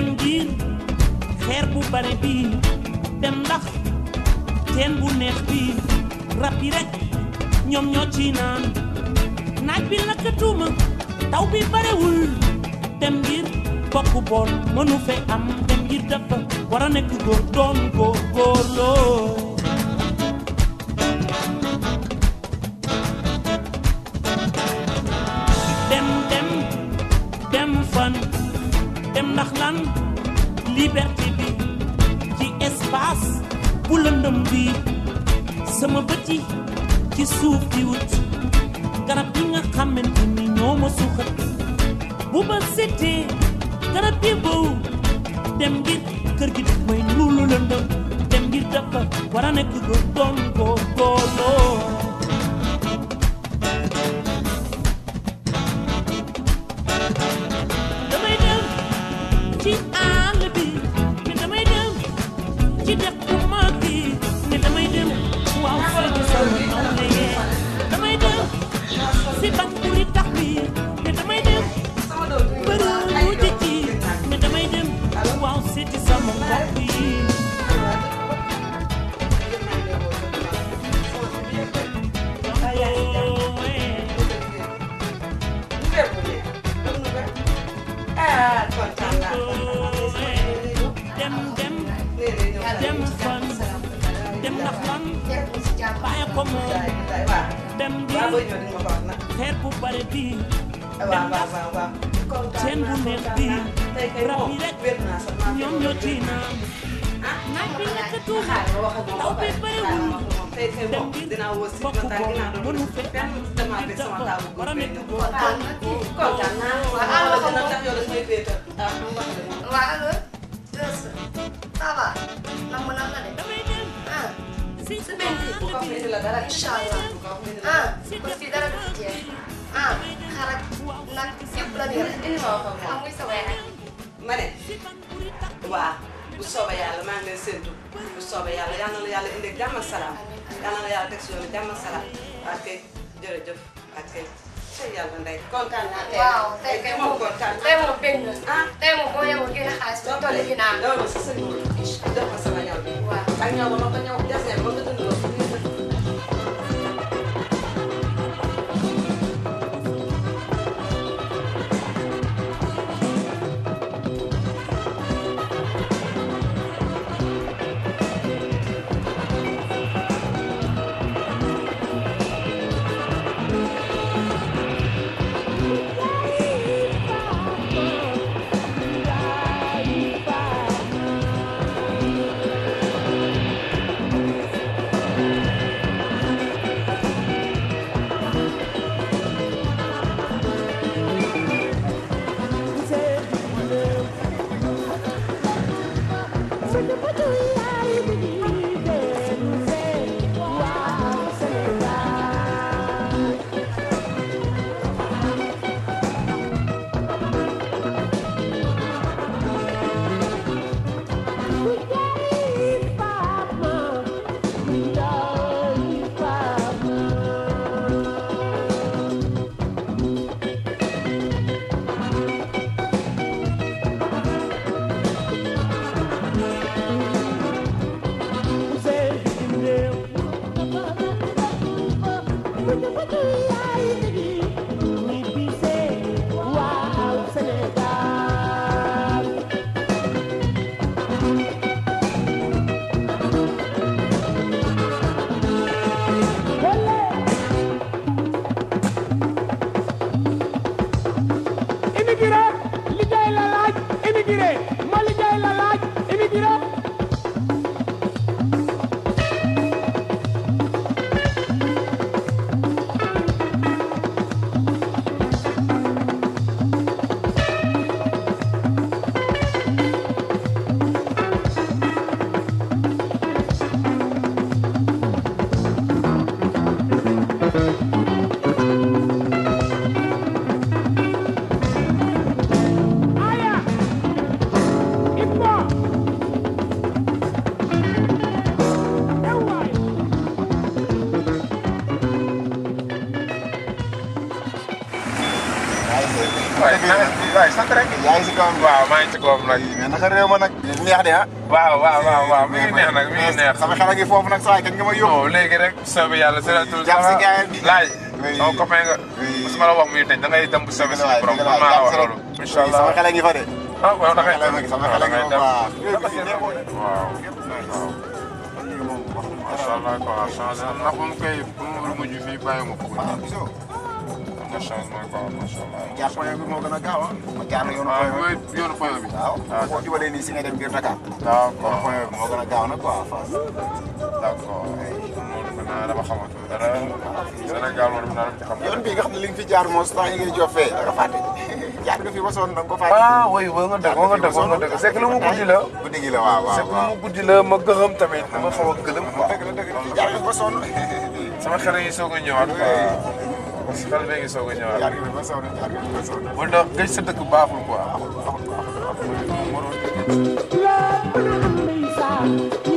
dem biir xeer bu bari bi dem ndax teen bu neex bi rab yi rek ñoom ñoo ci naan naaj bi lakkatuma taw bi barewul dem ngir bokk bool mënu fe am dem ngir dafa war a nekk góor doon góor góorloo que sufre o yaa ngi si kawam waaw maa ngi si kawam nag naka réew ma nag neex de ah waaw waaw waaw waaw mi ngi neex nag mi ngi neex sama xel a ngi foofu nag saay kañ nga ma yóbbu léegi rek soobi yàlla seratul jàpp si gars yi laaj sama copain nga su ma la wax muy dañ da ngay dem bu soobee suñu borom man maa la wax loolu incha allah sama xel a ngi fa de ah waaw da ngay dem sama xel a ngi fa waaw waaw macha allah quoi ndax bu mu mujj fii bàyyi ma ko macha allah mooy jaar point bi moo gën a gaaw ah. jaar yoonu point si nga dem biir Dakar. d'accord point bi moo gën a gaaw nag quoi Fass. d'accord loolu mën bi nga li nga fi jaar moom temps yi ngay da nga fàtte. jaar nga fi wasoon da nga ko fàtte. ah oui woo nga dëgg woo nga dëgg woo la. guddi mu guddi la ma gëxam tamit. ma xaw a gëlëm quoi. la dëgg la jaar nga wasoon. sama xel yi soog a ñëwaat. parce que xel bee ngi soog a ñëwaat. yaa ngi soog a yaa ngi soog a. wala gëj sa dëkk baaxul quoi. baaxul baaxul baaxul.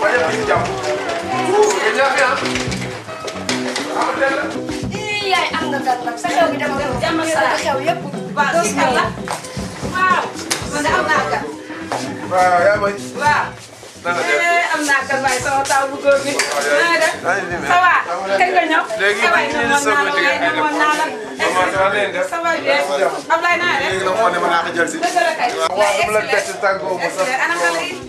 waaye yëpp gis jàmm. yéen ñaax na ah. yii yaay am na gan nag sa xew bi dama gën jàmm sa xew yëpp. waaw si xew la waaw. man de am naa gan. waaw yaa may. waaw. nan la def am naa gan waaye sama taw bu góor bi. nan la def ça va. kañ nga ñëw. léegi ñu ngi soog a jege ay lépp. ça va bien Ablaye naa def léegi nag moo ne ma naa ko jël si. dëgg la kay. waaw dama la bett tàggoo ma sax.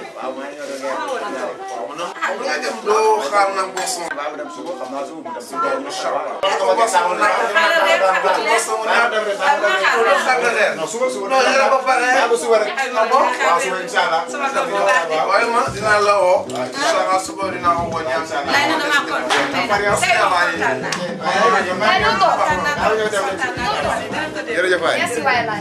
waaw maa ngi ñëw doon yaay. doo xaar na ko son. waaw dem suba xam naa suba mu dem. suba incha allah. waaw waaw xam naa ne suba suba. non yéen a ba pare. waaw suba rek. waaw suba incha allah. waaye ma dinaa la woo. incha allah suba dinaa ko woo ñaan. jërëjëf waay.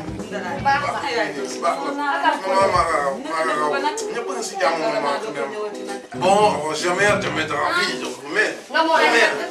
Bon, jamais, não não não vie, jamais.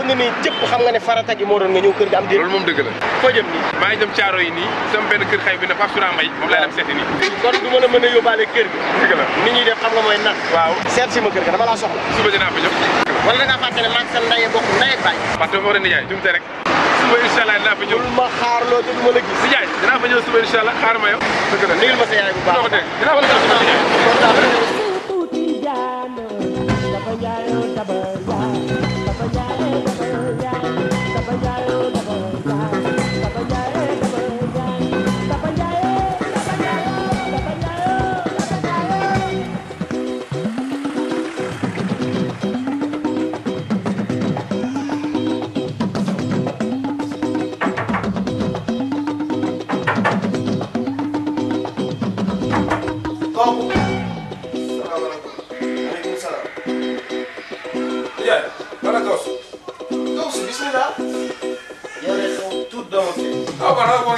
ba nga ne jëpp xam nga ne farata kër gi moom dëgg la foo jëm nii maa ngi caaro yi nii sama benn kër xay bi na Pape Soura Mbaye moom laa dem seeti nii kon du ma la mën a yóbbaale kër gi dëgg la ni xam nga mooy nag waaw seet si ma kër ga dama laa soxla suba dinaa fa ñëw wala da ngaa fàtte bokk ndaye baay parce que moo leen nijaay jumte rek suba incha dinaa fa ma xaar loo ma la gis nijaay dinaa fa ñëw suba incha xaar ma yow dëgg la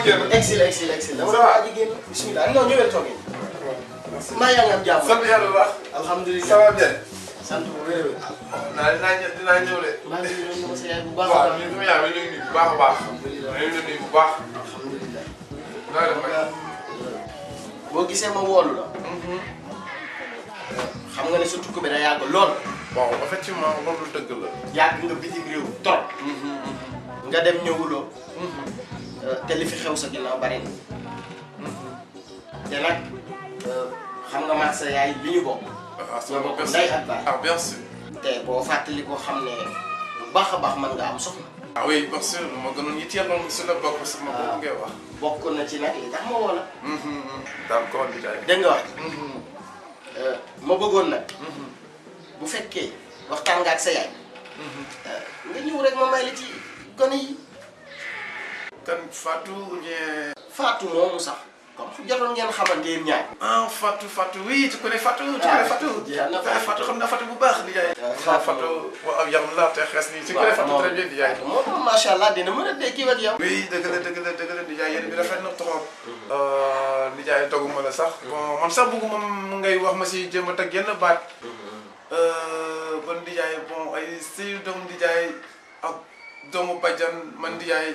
génn exil exil exil dama doon aji génn bismillah non ñëwel toog yi maa yaa ngi am jàmm sant yàlla bu baax alhamdulilah ça va bien sant bu wér wér naa dinaa ñëw dinaa ñëw de maa ngi nuyu ma sa yaay bu baax a baax ñu yaa ngi nuyu bu baax a baax ñu ngi nuyu bu baax alhamdulilah naa def rek boo gisee ma woolu la mm-hmm. xam nga ne sa tukki bi da yàgg lool bon effectivement loolu dëgg la yàgg nga bitim réew trop mm-hmm, mm-hmm. nga dem ñëwuloo Euh, te li fi xew sa ginnaaw bari na mm-hmm. te nag euh, xam nga maag sa yaay li ñu bokk. ñoo ah, bokk ndey ah, te boo fàttali ko xam ne bu baax a baax man nga am soxna. ah oui bien ma gënoon yitteel moom si la bokk wax. bokk na ci nag li tax ma woo la. Mm-hmm, mm-hmm. daal nga wax. Euh, ma bëggoon nag. bu fekkee waxtaan nga ak sa yaay. nga ñëw rek ma may la ci kan fatu ñe fatu moomu sax comme jotoon ngeen xamante yéen ñaar ah Fatou Fatou oui tu connais Fatou tu connais Fatou Fatou xam naa fatu bu baax di jaay fatu wa waaw yow la te xess ni ci ko ne fatu très bien di jaay ma sha allah dina mën a ki wat ak yow oui dëgg la deug la deug la di jaay yéen bi rafet na trop euh di jaay doguma la sax bon man sax bëgguma mu ngay wax ma ci jéem ta genn ya, baat hmm. euh bon di jaay bon eh, ay sey dom di jaay ak ah, domu bajjan man di jaay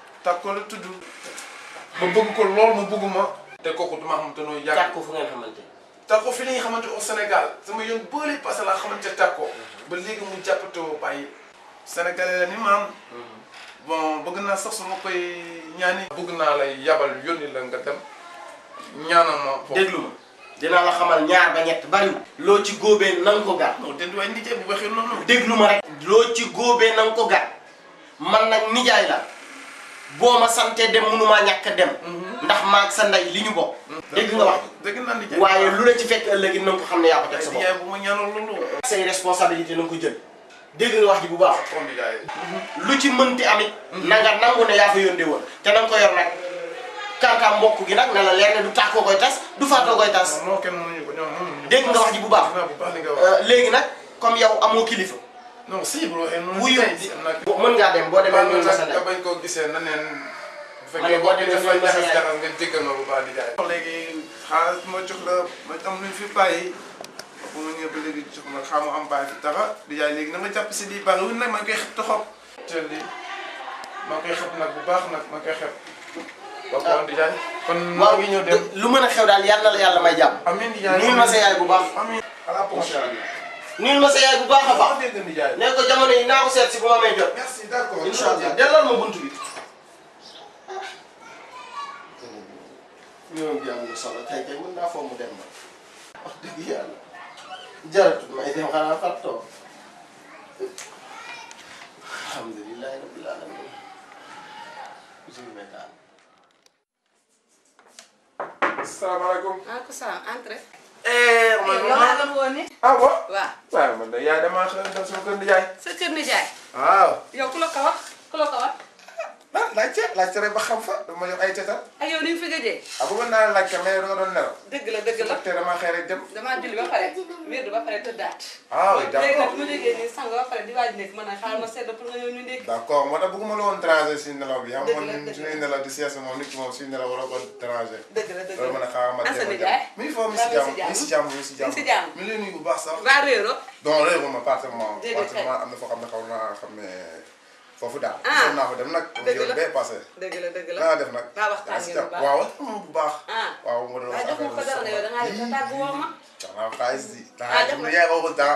tàkkoo la tudd. ma bëgg ko lool ma bëgg ma. te kooku duma xamante nooy yàgg. tàkkoo fu ngeen xamante. tàkkoo fi la ñuy xamante au Sénégal sama yoon bële passé laa xamante tàkkoo. ba léegi mu jàppatoo bàyyi. sénégalais la ni maam. Mhm. bon bëgg naa sax su koy ñaani. bëgg naa lay yabal yónni la nga dem ñaanal ma. déglu ma dinaa la xamal ñaar ba ñett bariwul. loo ci góobee na ko gar. non bu waxee noonu. ma rek. loo na ko gar man nag nijaay la. boo ma santee dem mënumaa ñàkk a dem. Mhm. ndax maa sa ndey li ñu bokk. Mhm. dégg nga wax dëgg na waaye lu la ci fekk ëllëg it na nga xam ne yaa ko teg sa bopp. bu ma ñaanal loolu. say responsabilité na nga ko jël dégg wax ji bu baax. Mhm. lu ci mënti amit. na nga nangu ne yaa fa yóndee woon te na nga ko yor nag kàntaam mbokk gi nag na la leer ne du tàkkoo koy tas du faatoo koy tas. dégg nga wax ji bu baax. Euh, léegi nag comme yow amoo kilifa. non si bu waxee noonu. wuyu mën ngaa dem boo demee ñoom Masana nga bañ koo gisee na neen. bu fekkee boo demee ñoom Masana nga nga jéggal ma bu baax di jaay. léegi xaalis ma jox la ma am luñ fi bàyyi bu ma ñëwee ba léegi jox ma xaamu am bàyyi fi dara di jaay léegi na nga jàpp si lii bariwul nag maa ngi koy xet toxob. teel li maa ngi koy xet nag bu baax nag maa ngi koy xet. Ah. waaw waaw di jaay kon. waaw ngi ñëw dem lu mën a xew daal yàlla la yàlla may jàmm. amiin di jaay amiin nuyu ma sa yaay bu baax. amiin à la prochaine. nuyul ma sa yaay bu baax a baax nee ko jamono yi naa ko seet si bu ma may jot. merci d'accord incha allah delloo ma bunt bi. ñoo ah. ngi am na solo tey kay mën naa foo mu dem ma wax dëgg yàlla jaratut may dem xanaa far toog alhamdulilah rabbil alamin salaamaaleykum. waaleykum salaam entrez. eh man eh, maa doon woon ni. ah bon waaw. waaw man de yaay damaa xëy na sama kër nijaay. sa kër nijaay. waaw. yow ku la ko wax ku la ko wax. ah laajte laajte ba xam fa dama jox ay tetal. ak ah, yow ni mu fi gëjee. ah naa la laajte mais dama doon nelaw. dëgg la dëgg la te damaa xëy dem. damaa julli ba pare wér ba pare tëddaat. waaw ah, d' accord léegi nag mu déggee nii a xaar ma sedd pour nga ñëw ñu ndékki. d' accord moo tax bëgguma la woon tranger si nelaw bi. dëgg la dëgg la xam nga suñuy nelaw di sieste moom nit ki moom suñu nelaw war a ko tranger. dëgg la dëgg sa nijaay mi ngi foofu mi si jàmm mi si jàmm mi si jàmm mi si jàmm mi lay nuyu bu baax sax waa réero non réero ma parfaitement parfaitement am na foo xam ne xaw naa xam ne foofu daal ah. son naa fa dem nag yoon bee passé dëgg la dëgg la naa def nag waa waxtaan ngeen bu baax waaw waxtaan bu baax ah. waaw ma doon ah, wax jox ma ko dara yow da ngaa tàggu woo ma jox naa xaalis di yaa ko ko daa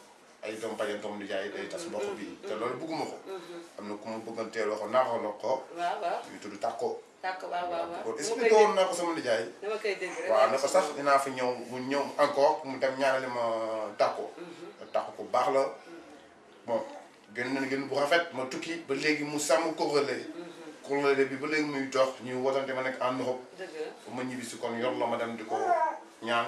ay doom bajantoom nijaay day tas mbokk bi te loolu bëgguma ko am na ku ma bëggante waxoon naa ko la ko waaw waaw yu tudd takko tàkko waaw waaw waaw expliqué woon naa ko sama nijaay dama koy dégg rek waaw ne sax dina fi ñew mu ñew encore mu dem ñaanale ma takko mhm. tàkko ku baax la bon gën na gën bu rafet ma tukki ba légui mu sam ko sàmm ko kóorale mhm. bi ba légui muy dox ñu wotante ma nek en Europe deug ma ñibi si kon yor la ma dem diko ñaan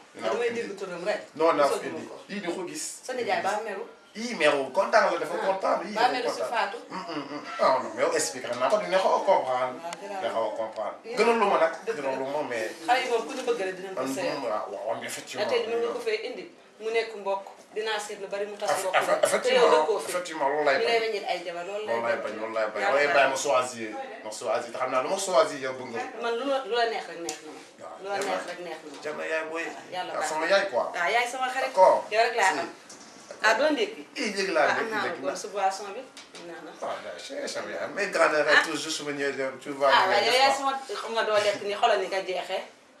dinaa ko indi non naa ko indi ii di ko gis. sa nijaay ba meru. ii meru kontaan la dafa ah. kontaan. ii dafa kontaan mm, mm, mm. ah non mais yow expliqué naa ko dina xaw a comprendre. Ah, dina xaw a comprendre. gënalu ma nag gënalu ma yi moom ku ñu bëgg rek dinañ ko mu nekk mbokk dinaa seet lu bari mu tas mbokk mi te yow dëkkoo fi effectivement loolu lay bañ ñu lay weññil ay jabar loolu lay bañ loolu lay bañ waaye bàyyi ma choisir ma choisir te xam naa lu ma choisir yow bëgg nga man lu la lu la neex rek neex na ma lu la neex rek neex na ma jàmm yaay booy yàlla sama yaay quoi waaw yaay sama xarit yow rek laa xam ah doo ndékki léegi laa ah, ndékki am naa ko kon su boisson bi naa na waaw mais grande rek toujours su ma ñëwee tu vois ah yow yaay sama xam nga doo lekk ni xoolal ni nga jeexee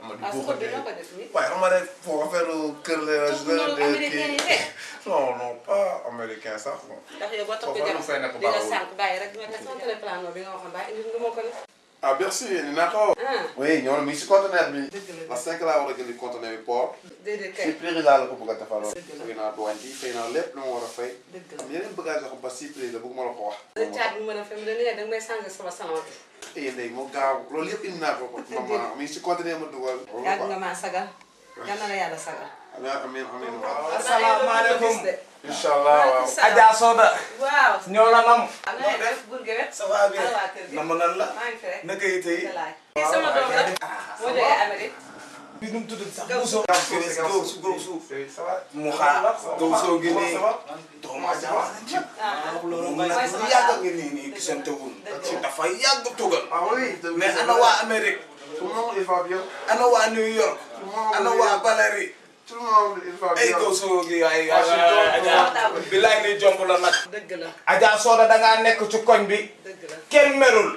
Ah c'est foo affaire kër la. non non pas américain le plan de. nga non, pas indi ko ah merci de oui ñoo ngi conteneur bi. la cinq là, a le conteneur de port. de. kay c'est la ko bëgg a defaroon. fay naa douane bi fay naa lépp a fay. yeneen bagage ba la bëgg ko wax. a de may sama eh ndey moo gaaw loolu yëpp indi naa ko ko maman mi si continuer ma dugal. yàgg nga maa sagal. yal na la yàlla sagal. amiin amiin waaw. asalaamaaleykum. incha allah waaw. Adja Soda. waaw ñoo la nam. noo def ça va bien. Ah, na ma nan la. naka yi tey. sama doom la. Ah, moo jógee Amérique. bi nu mu tudd sax Gawso. Gawso Gawso Mouha Gawso gi nii doomu aadama lu yàgg nga nii nii gisante wuñ dafa yàgg tugal. mais ana waa Amérique. ana waa New York. ana waa Balari. ay Gawso gi ay Adja bilaay ni jomb la nag. dëgg la Adja Soda da ngaa nekk ci bi. dëgg merul.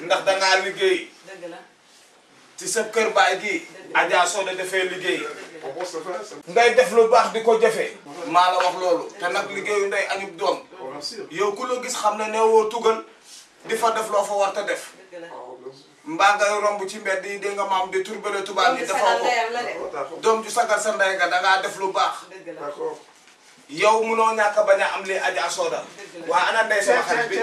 ndax da ngaa ci sa kër baay gi Adja Sow da dafee liggéey ngay def lu baax di ko jafe maa la wax loolu te nag liggéeyu nday añub doom yow ku la gis xam ne ne woo tugal di fa def loo fa war def mbaa ngay romb ci mbedd yi dégg nga maam di turbale tubaab yi dafa ko doom ju sagal sa ndey nga dangaa def lu baax yow munoo ñàkk bañ a am li Adja Sow da waa ana ndey sama xarit bi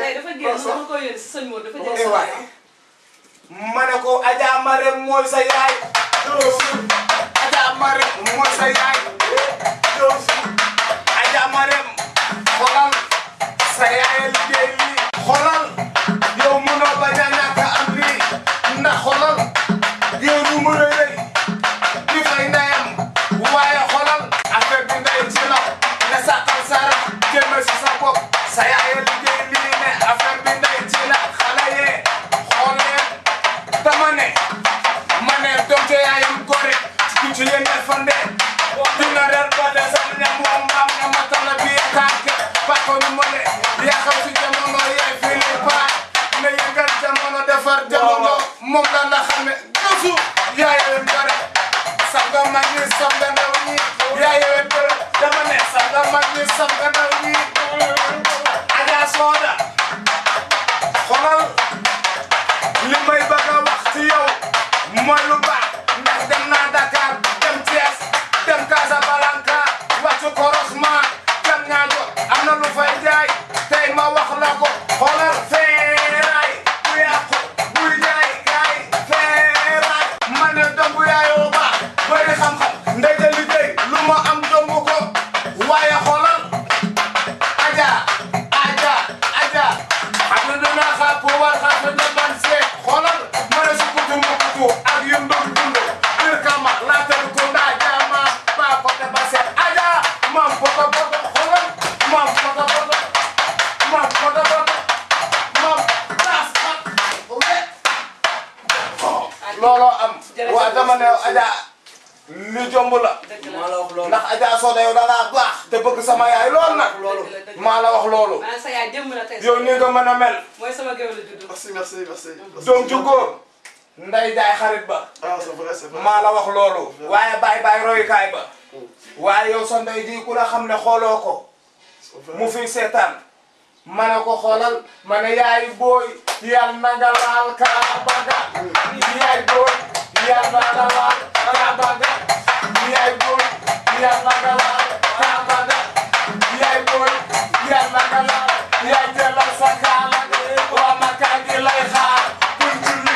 ma ko Adja Marème mooy sa yaay. Adja Marème mooy sa yaay. Adja Marème xoolal sa yaay liggéey lii. xoolal yow mënoo bañ a ñàkk a am lii ndax xoolal yow ñu mën a rëy di fay ndeyam waaye xoolal affaire bi ndey ci la nga sàkkal sa rab jéem sa bopp sa yaay bande dina rer bande sam ñam mo mam na matal bi tanke ba ko ni mo kan le ya xam ci jamono ya fi le pa ne yegal jamono defar jamono mom la la xamé defu ya yewen bare sam ga ma ni sam ga ni ya yewen ne ma ni ni baga wax ci yow lu looloo am. waa dama ne Adja lu jomb la. ndax Adja Soda yow da ngaa baax. te bëgg sama yaay lool nag. maa la wax loolu. sa yaay démb la yow nii nga mën a mel. mooy sama nday jaay xarit ba. Ah, maa la wax loolu. waaye bàyyi bàyyi royukaay ba. Oh. waaye yow sa ndey ku la xam ne xooloo ko. mu fi seetaan. ma ko xoolal ma ne yaay booy yal na nga laal kaaba ga yaay booy yal na nga laal kaaba ga yaay booy yal na nga laal yaay booy yal na yaay jëlal sa kaala waa lay xaar kuñ julli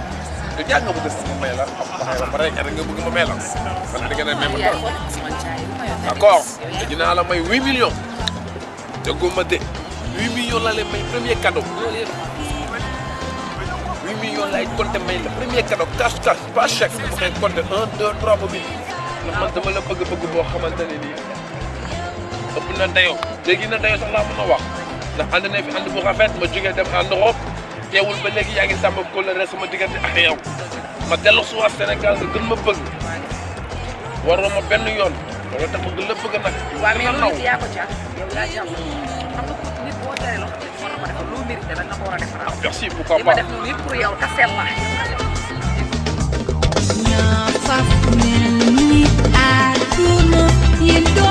yow yaa nga bëgg a ma may la xam ba rek nga bëgg ma may la man da nga ne même la may may premier cadeau 8 millions pas chèque dama koy compté 1 2 3 ba bii ndax man dama la bëgg bëgg boo xamante ne nii ëpp na dayoo léegi na dayoo sax laa mën a wax ndax ànd na fi ànd bu ma jógee dem ànd Europe teewul ba yaangi sam ko sàmm kóllëre sama diggante ak yow ma si Sénégal nga gën ma bëgg waro ma benn yoon wala tax ma la bëgg nak wa mi loolu it ya ko caa yow yaa caa merci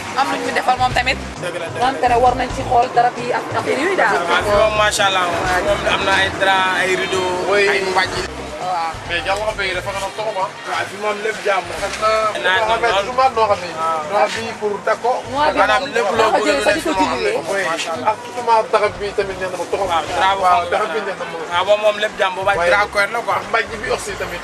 am luñ ñu defal moom tamit. dëgg la war nañ ci xool darab yi ak affaire yooyu daal. waaw macha allah moom am na ay drap ay rideau. ay mbàjj. waaw mais jàmm xam nga dafa xanaa ah. soxna. waaw fi moom lépp jàmm. naa ne loolu du mat loo xam ne. waaw bi pour dako. maanaam lépp loo bëgg a def moo xam ne. macha allah ak ah, surtout taxab bi tamit nee na ma toxu. waaw taxab bi nee na ma. waaw moom lépp jàmm bu baax. waaye drapeau la quoi. mbàjj bi aussi tamit.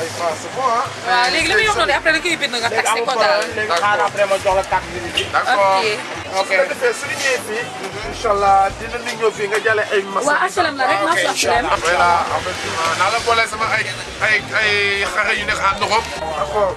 ay France c'est bon ah. waaw léegi li muy wax noonu après da koy bind nga taxi ko daal. léegi xaar après ma jox la carte d'identité. d'accord ok su ko defee su ñu ñëwee fii. Mhm. incha allah dina ñu ñëw fii nga jàllee ay. masin waaw asalam la rek maa fi asalam. voilà naa la boole sama ay ay ay xare yu nekk ànd ko. d'accord.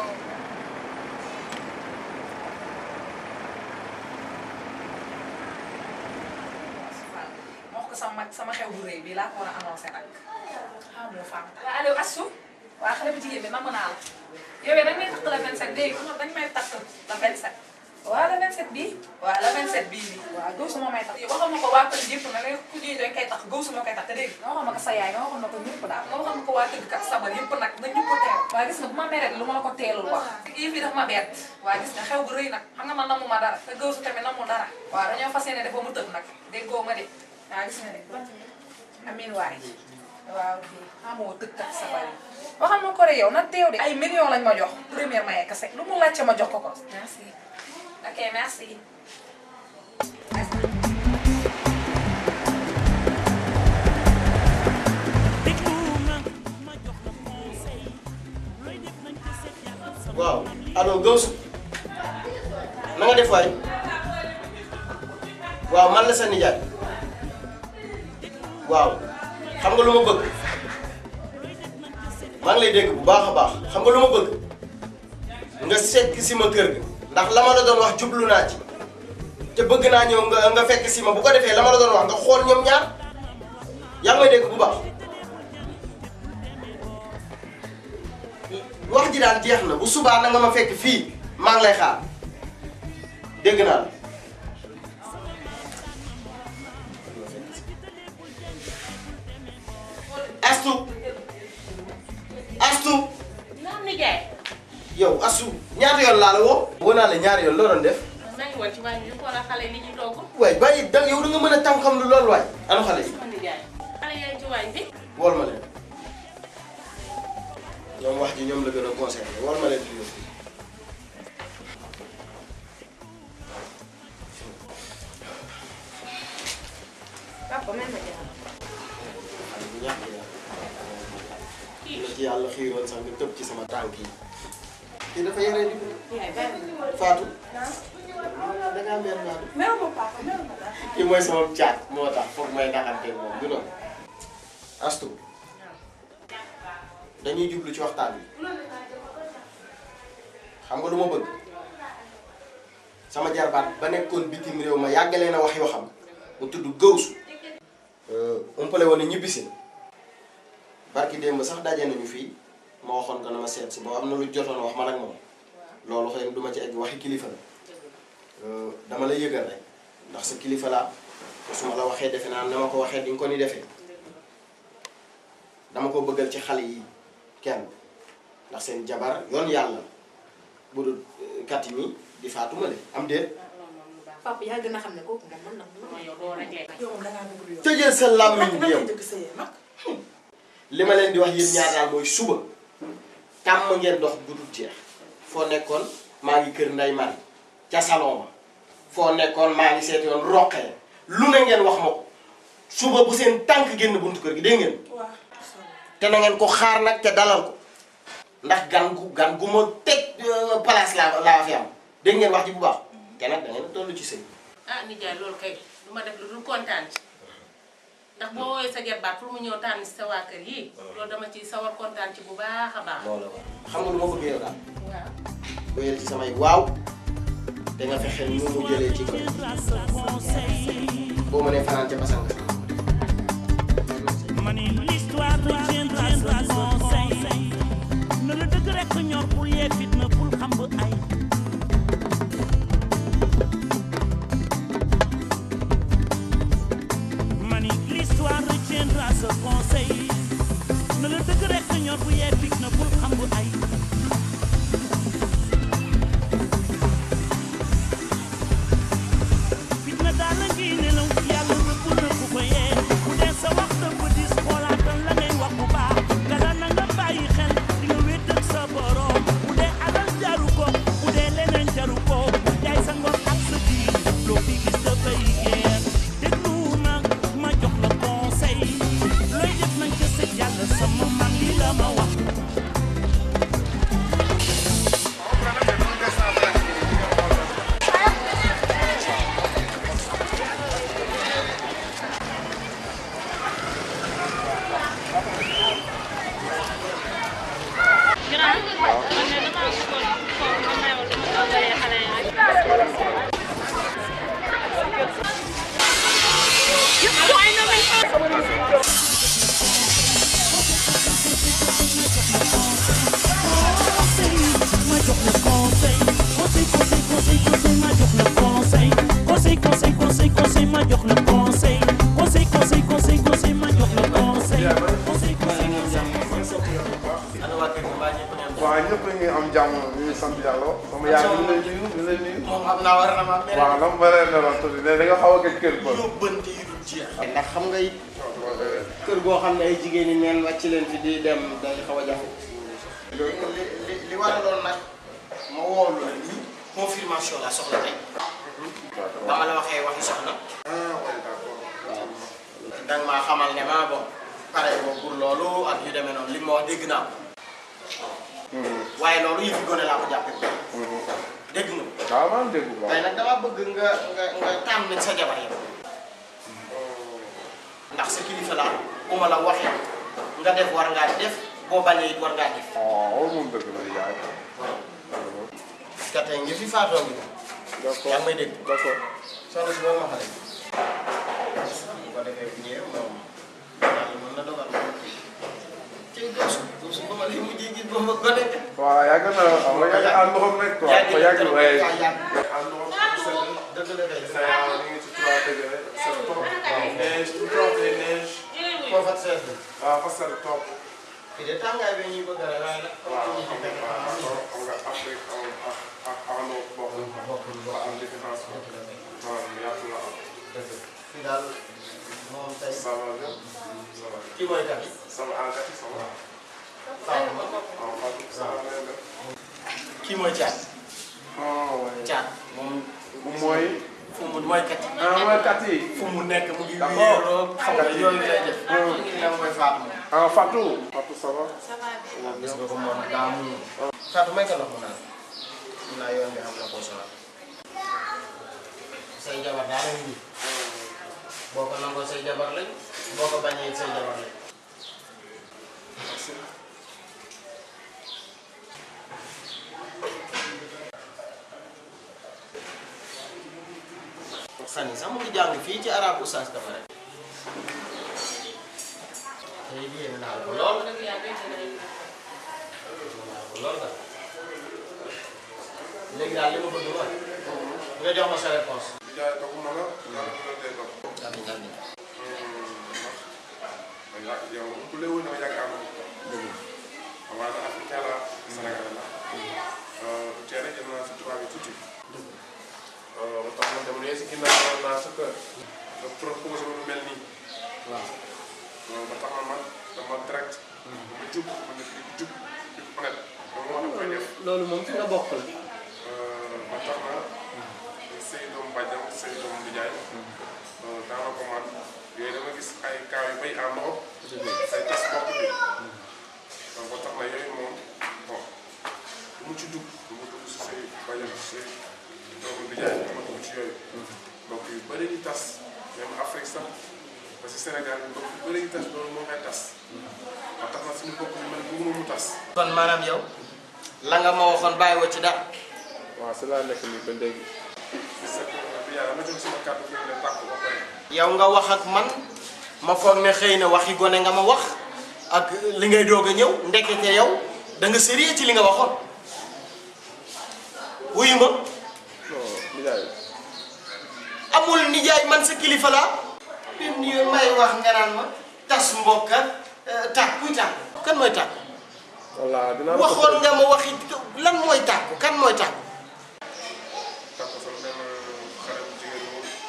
fekk ma sama xew bu rëy bi laa ko war a annoncé nag ah moo faamu tax waaw Aliou Assou waaw xale bu jigéen bi namm naa la yow dañ may takk la 27 léegi xam nga dañ may la 27. waaw la 27 bii waaw la 27 bii bi waaw góosu ma may takk yow waxoon na ko waa kër yëpp nag ku ñuy doon koy takk góosu ma koy takk dégg nga waxoon na ko sa yaay nga waxoon na ko ñëpp daal nga ko waa tëgg kat sabar yëpp nag nga ñëpp teew waaw gis nga bu ma meree lu ma la ko teelul wax yëf nga xew bu rëy nag xam nga man namu ma dara te góosu tamit namu dara waaw dañoo fas yéene def ba mu tëb nag déggoo ma Amin gis nga de amiin waay Wah kii amoo dëkk ak sa ko rek na teew de ay million lañ ma jox première maye kase lu mu laajte ma jox ko ko merci ok merci waaw allo Gawsu na nga def waay waaw man la sa nijaay waaw xam nga lu ma bëgg maa ngi lay dégg bu baax a baax xam nga lu ma bëgg nga sekk si ma kër ndax la ma la doon wax jublu naa ci te bëgg naa ñëw nga nga fekk si ma bu ko defee la ma doon wax nga xool ñoom ñaar yaa dégg bu baax wax ji daal jeex na bu subaa na nga ma fekk fii maa ngi lay xaar dégg naa la astu astu naam nijaay yow astu ñaata yoon laa la woo woo naa la ñaari yoon loo doon def maa ngi ñu xoolal yow da mën a tam xam lu loolu waay anu xale yi xale yaa ñoom wax ji ñoom la a concerné wool ma leen di papa même ma lagi ci yàlla xiiroon sax ci sama tànk yi kii dafa yore di Fatu? da ngaa mer naa mer ma papa mer ma kii mooy sama chat, moo tax foog may naxante moom du noonu astu dañuy jublu ci waxtaan bi xam nga lu bëgg sama jarbaat ba nekkoon bitim réew ma yàggalee na waxi waxam mu tudd gawsu eh, umpale woon a ñibbisi barki dem ba sax dajé nañu fi ma waxon ko na ma seet si boo am lu jotton wax man ak mom lolu xëy duma ci egg waxi kilifa la euh, dama lay yëgal rek ndax sa kilifa la ko suma la waxé defé na ne ko waxé di ko ni defé dama ko bëggal ci xalé yi kenn ndax seen jabar yoon yalla bu du euh, kat yi di faatuma le am déet. Ah, papa yaa gën a ko ne kooku moom mën na. yow doo rek yow da ngaa bëgg yow. tëjee sa lamine yow. li ma leen di wax yéen ñaar daal mooy suba tàmm ngeen dox bu dul jeex foo nekkoon maa ngi kër nday mari ca salon ba foo nekkoon maa ngi seeti yoon roqee lu ne ngeen wax ma ko suba bu seen tànk génn buntu kër gi dégg te na ko xaar nag te dalal ko ndax gan gu gan gu ma teg euh, place laa laa fi am dégg ngeen wax ji bu baax kenn nag da ngeen toll ci sëy ah nijaay loolu kay ndax boo woowee sa jarbaat pour mu ñëw tànn sa waa kër yi. loolu dama ci sawar kontaan ci bu baax a baax. xam nga lu ma bëgg yow daal. waaw. wéyal ci samay waaw. da nga fexe nu mu jëlee ci kër boo ma fanaan ca Basang. l'histoire ne tiendra sans conseil. ne ñor pour yee fitna pour xam. i race français yi na la dëgg rek ñor bu yee picc na bul xam waaw yàgg na waaw ma yàgg ànd xob nag. waaw ma yàgg waaye. ànd xob dëgg la kay. saa yoo xam ne ci trois degré. c'est trop. waaw neige bu tooxee neige. koo fat seet bi. waaw fas seet topp. fii de tàngaay bi ñuy bëgg a waaye nag. waaw xam nga xam nga Afrique ak ak Europe bokkul. bokkul ba am différence bi. waaw yàgg la am. dëgg la fii daal moom tey. ça va bien. ça va bien. kii mooy kati. sama en kati sama. kii mooy caat. caat moom. mooy. fu mu mooy kat yi. ah mooy kat yi. fu mu nekk mu ngi. d'accord xam nga yooyu lay def. yow mooy Fatou. ah Fatou. Fatou ça va. ça va bien. gis nga ko moom daa mu. Fatou may ko ndox mu naan. mun naa yoon bi xam na koo sonal. say jabar daa leen ji. boo ko nangoo say jabar lañ. boo ko bañee jabar lañ. fan yi sax mu ngi jàng fii ci arabu Oustaz Camara tey yéen naa ko lool lool la léegi daal li ma bëgg mooy nga jox ma sa réponse. amiin amiin. waaw. moo tax man dama ne si ginnaaw waroon naa sa kër nga proposé lu mel ba tax na dama direct. gis ay cas yu bëri mhm. du mu ci dugg du mu dugg si say bàjjam si say. doomu nijaay amatul ci parce que Sénégal mbokk yu yow la nga ma waxoon bàyyi ci dara waaw si yow nga wax ak man ma foog ne xëy na yi gone nga ma wax ak li ngay doog a ñëw ndekete yow danga nga sérieux ci li nga waxoon wuyu ma amul nijaay man sa kilifa laa. même ni may wax nga naan ma tas mbokk ak euh, tàkk kan mooy tàkk. waxoon nga ma waxi lan mooy tàkk kan mooy tàkk.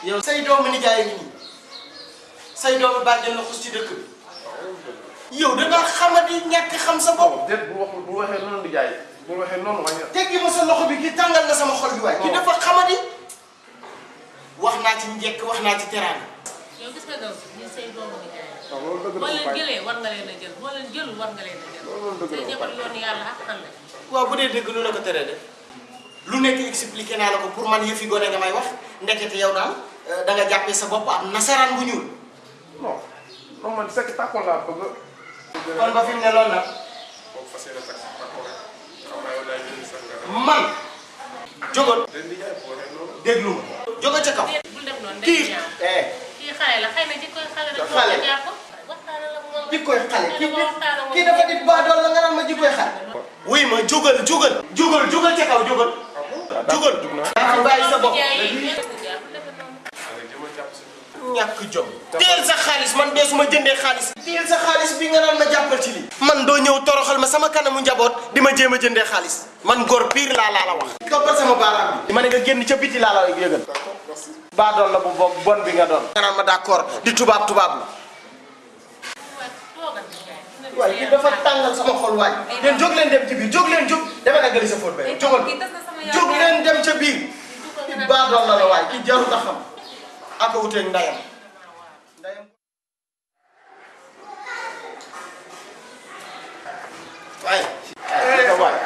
yow say doomu nijaay nii say doomu bàjjen la xus dëkk bi. Ah, yow da ngaa ñàkk xam sa bopp. waxee noonu oh. di jaay bu waxee non wàññi. teggi ma sa loxo bi ki tàngal nga sama xol bi waay. ki dafa xamadi. wax ci njëkk wax ci teraanga. yow gis nga daw ñu say doomu di jaay. waaw loolu dëgg la boo leen jëlee war nga leen a jël boo leen jëlul war nga leen a jël. loolu dëgg la boo yoon yàlla ak xam waaw bu dee dëgg lu la ko tere de lu nekk expliqué naa la ko pour man yëfi gone nga may No, ndekete yow daal da nga jàppee man jógal déglu ma ca kaw kii eh kii dafa di baadool la nga naan ma jikkoy xale wuy ma jógal jógal jógal jógal ca kaw jógal ah jógal ah, bàyyi sa ñàkk jom teel sa xaalis man dee su ma jëndee xaalis teel sa xaalis bi nga naan ma jàppal ci li man doo ñëw toroxal ma sama kanamu njaboot di ma jéem a jëndee dia man gor pire laa laa la wax toppal sama baaraam bi ma nga génn ca biti laa la yëgal baa doon la bu boog bon bi nga doon nga naan ma d'accord di tubaab tubaab la waaye li dafa tàngal sama xol waay leen jóg leen dem ci biir jóg leen jóg demal àggali sa fóot bay jógal jóg dem ca biir baa doon la la waay ki jaru ta aka wuteeg ndayam ndayam waaye waaye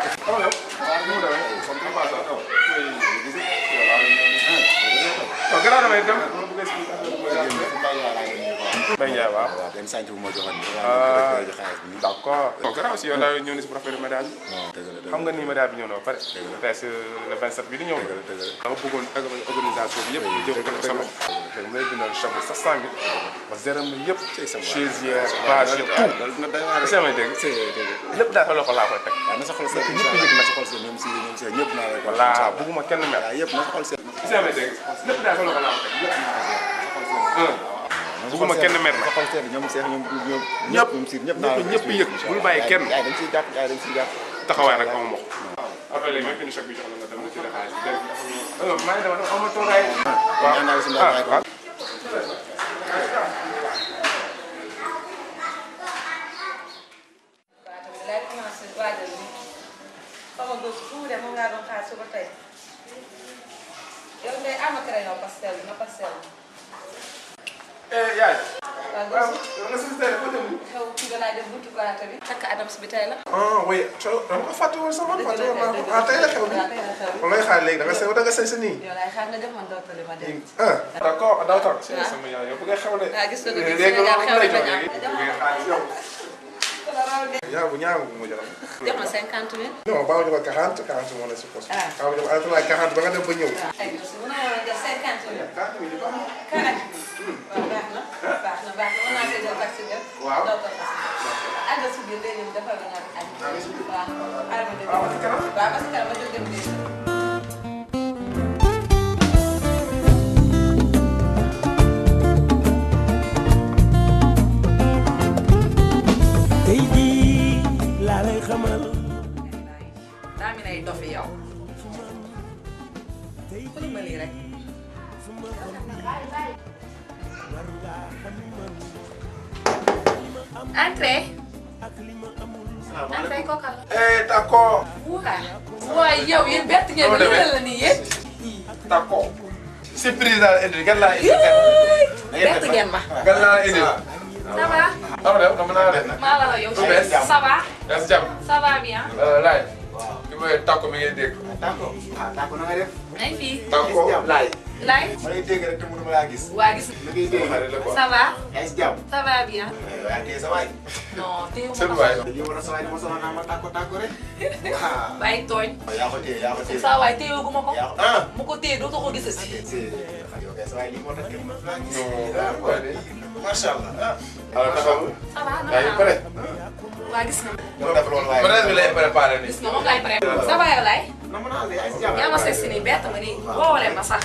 Mbaye Ndiaye waaw. waaw benn sànq bu ma joxoon nii. Ah, waaw ñu xaalis bi. d' accord bon garaaw si yow daal ñëw na si profil médaille bi. xam nga ni médaille bi ñëw na ba pare. dëgg la presque euh, le 27 bi di ñëw. dëgg la dëgg la dama bëggoon organisation bi yëpp. dëgg la dëgg la dëgg la dëgg la chapeau 700000. ba zéro mi yëpp. chaisière bâche yëpp tout. sama dégg lépp daal sa loxo laa koy teg. waaw ah, na sa xol seen ñëpp yëg na sa xol seen ñoom si ñoom si ñëpp naa la. voilà bëgguma kenn mel. waaw yëpp na sa xol seen. sama dégg lépp daal sa loxo laa koy teg. bëgguma kenn mer na xol seen ñoom seex ñoom ñoom ñëpp ñoom siir ñëpp naa ñëpp yëg bul bàyyi kenn ay dañ ciy jàpp ay dañ ciy jàpp taxawaay nag moom wax après léegi mooy fini choc bi jox la nga dem ci xaalis bi euh, maa ngi dama dama ama toogaay waaw ñaan naa la si ndax yow ngay ama créneau pastel na pastel Eh, yaay. waaw nga si tey dafa dem. xew ci gannaaw def buntu baraata bi. takk Adams bi tey la. ah oui coono dama ko fàtte woon sama fàtte woon naa ko ah tey la xew bi. kon looy xaar léegi da nga sew da nga say sa nii. yow laay xaar nga def man dootu li ma dem. ah d'accord daaw tam. Ah. waaw sama yaay yow bu nga xew de. waaw ah, gis nga ko gis nga ñaar xew nañu ñaar ñaaw bu ñaaw bu mu jox. jox ma cinquante mille. non baaw ñu ko quarante quarante moo ne si poche. waaw baaw ñu ko quarante ba nga dem ba ñëw. Ah, waaw baax na baax na baax na mën naa koy jël taxi dem. waaw doo ko fas yéene. ànd si biir léeg-léeg defal nga ñaari ànd. ànd si biir waaw. waaw parce que kanam waaw parce que kanam ma jóg dem biir. daa mi nay dofi yow ku ma lii rek entrez. entrez kooka la. Eh, d'accord. waaw yow yéen bett ngeen ñu la nii yéen. d'accord. si président indi gan laa indi. bett ngeen ma. gan laa indi. ça naa def maa la la yow. ça va. yaa si jàmm. ça va bien. laay. li may tàkko mi ngay dégg. Ah, ah, na nga def. ay fii. lay ma lay dégg rek te mënuma laa gis. waa gis nga li ngay dégg la quoi ça va. yaa ngi si jàmm. ça va bien. waaw tey sa waay. non tey sa waay. yow la sa waay dama sonal naa ma tàkko tàkko rek. bàyyi tooñ. Ah, yaa ko téye yaa ko téye. sa waay téyoo gu ma ko. yaa ko ah. mu ko téye dootoo ko gis aussi. yow kay sa waay lii moo tax kenn mënul laa gis. Ah, macha allah. alors ah. taxawul. ça va na nga pare. waa gis nga. dama def loolu waaye. peut-être bi lay préparé nii. gis nga moom lay préparé. ça va yow lay. na ma naa la yaa ngi si jàmm. yaa ma seet si nii bett ma nii. waaw woowale ma sax.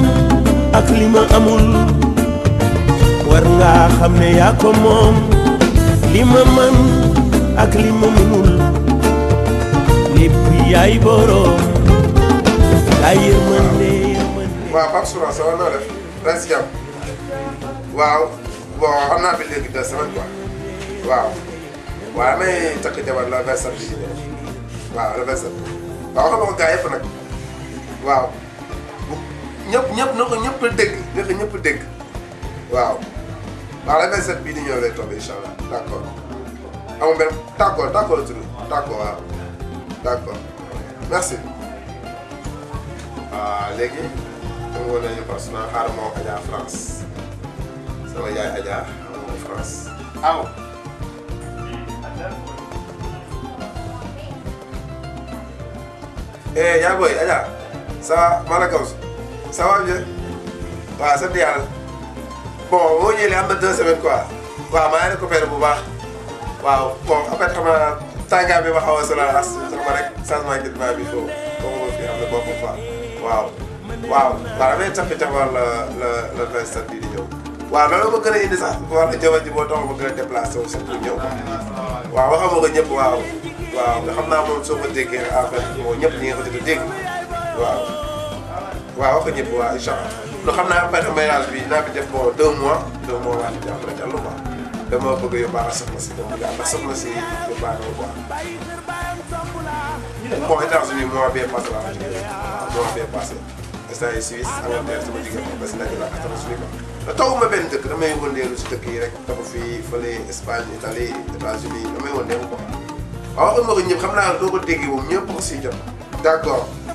ak li ma amul war ngaa xam ne yaa ko moom li ma man ak li ma mënul lépp yaay boroom yaa yërmande yërmande waaw Pape Soura ça va noo def daa si jàmm waaw bon xam naa bi léegi deux semaines quoi waaw waaw may takk jabar la vingt sept bi waaw la vingt sept waaw xam nga ko gars yëpp nag waaw ñëpp ñëpp na ko ñëpp a dégg na dégg waaw waaw la 27 bii di ñëw lay tombé incha allah d' accord amul benn d' accord d' accord la tudd d' accord waaw d' accord merci. waaw ah, léegi dama woon nañu parce que xaaral France sama yaay Adja moom France aw. eh yaa booy ça va bien waaw sant yàlla bon boo ñëwee am na deux semaines quoi waaw maa ngi bu baax waaw bon après xam naa tàngaay bi ma xaw a sonal as ma rek changement climat bi foofu foofu ma fi am na boppam quoi waaw. waaw waaw damay capp cappal la la la vingt sept bii waaw loolu ma gën a indi sax wala jabar ji moo tax ma gën a wu sax pour waaw waaw waaw nga xam naa moom soo ko déggee en fait moo ñëpp ñi nga ko dégg waaw. waaw wax ko ñëpp waaw incha allah lu xam naa après mariage bi naa fi def bon deux mois deux mois waa nit après dellu quoi dama bëgg a yóbbaale soxna si dama bëgg a ànd ak soxna si yóbbaale ko quoi. bon États-Unis mois bee passé laa la jógee mois bee passé états yi Suisse Angleterre sama jigéen ba si nekk la attan suñu quoi. tooguma benn dëkk damay wëndeelu si dëkk yi rek dafa fii fële Espagne Italie États-Unis damay wëndeelu quoi waaw waxuñu ma ko ñëpp xam naa doo ko déggee moom ñëpp ko siy jot d' accord.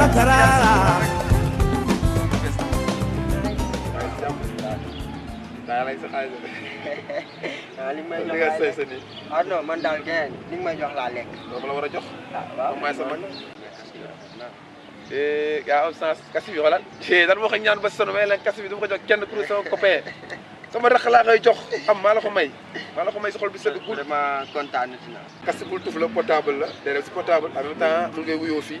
sa li may jox laa lekk ah non man daal kenn li may jox laa lekk. dama la war a jox. waaw waaw man yaa am sens kasi bi xoolal. dan moo ko ñaan ba sonn may kasi bi du ma ko jox kenn ku ne sama copain sama rax laa koy jox am maa la ko may. maa la ko may si xol bi sedd ku vraiment kontaan na ci naa. kasi bul tuf la portable la. day si portable en même temps mu ngi koy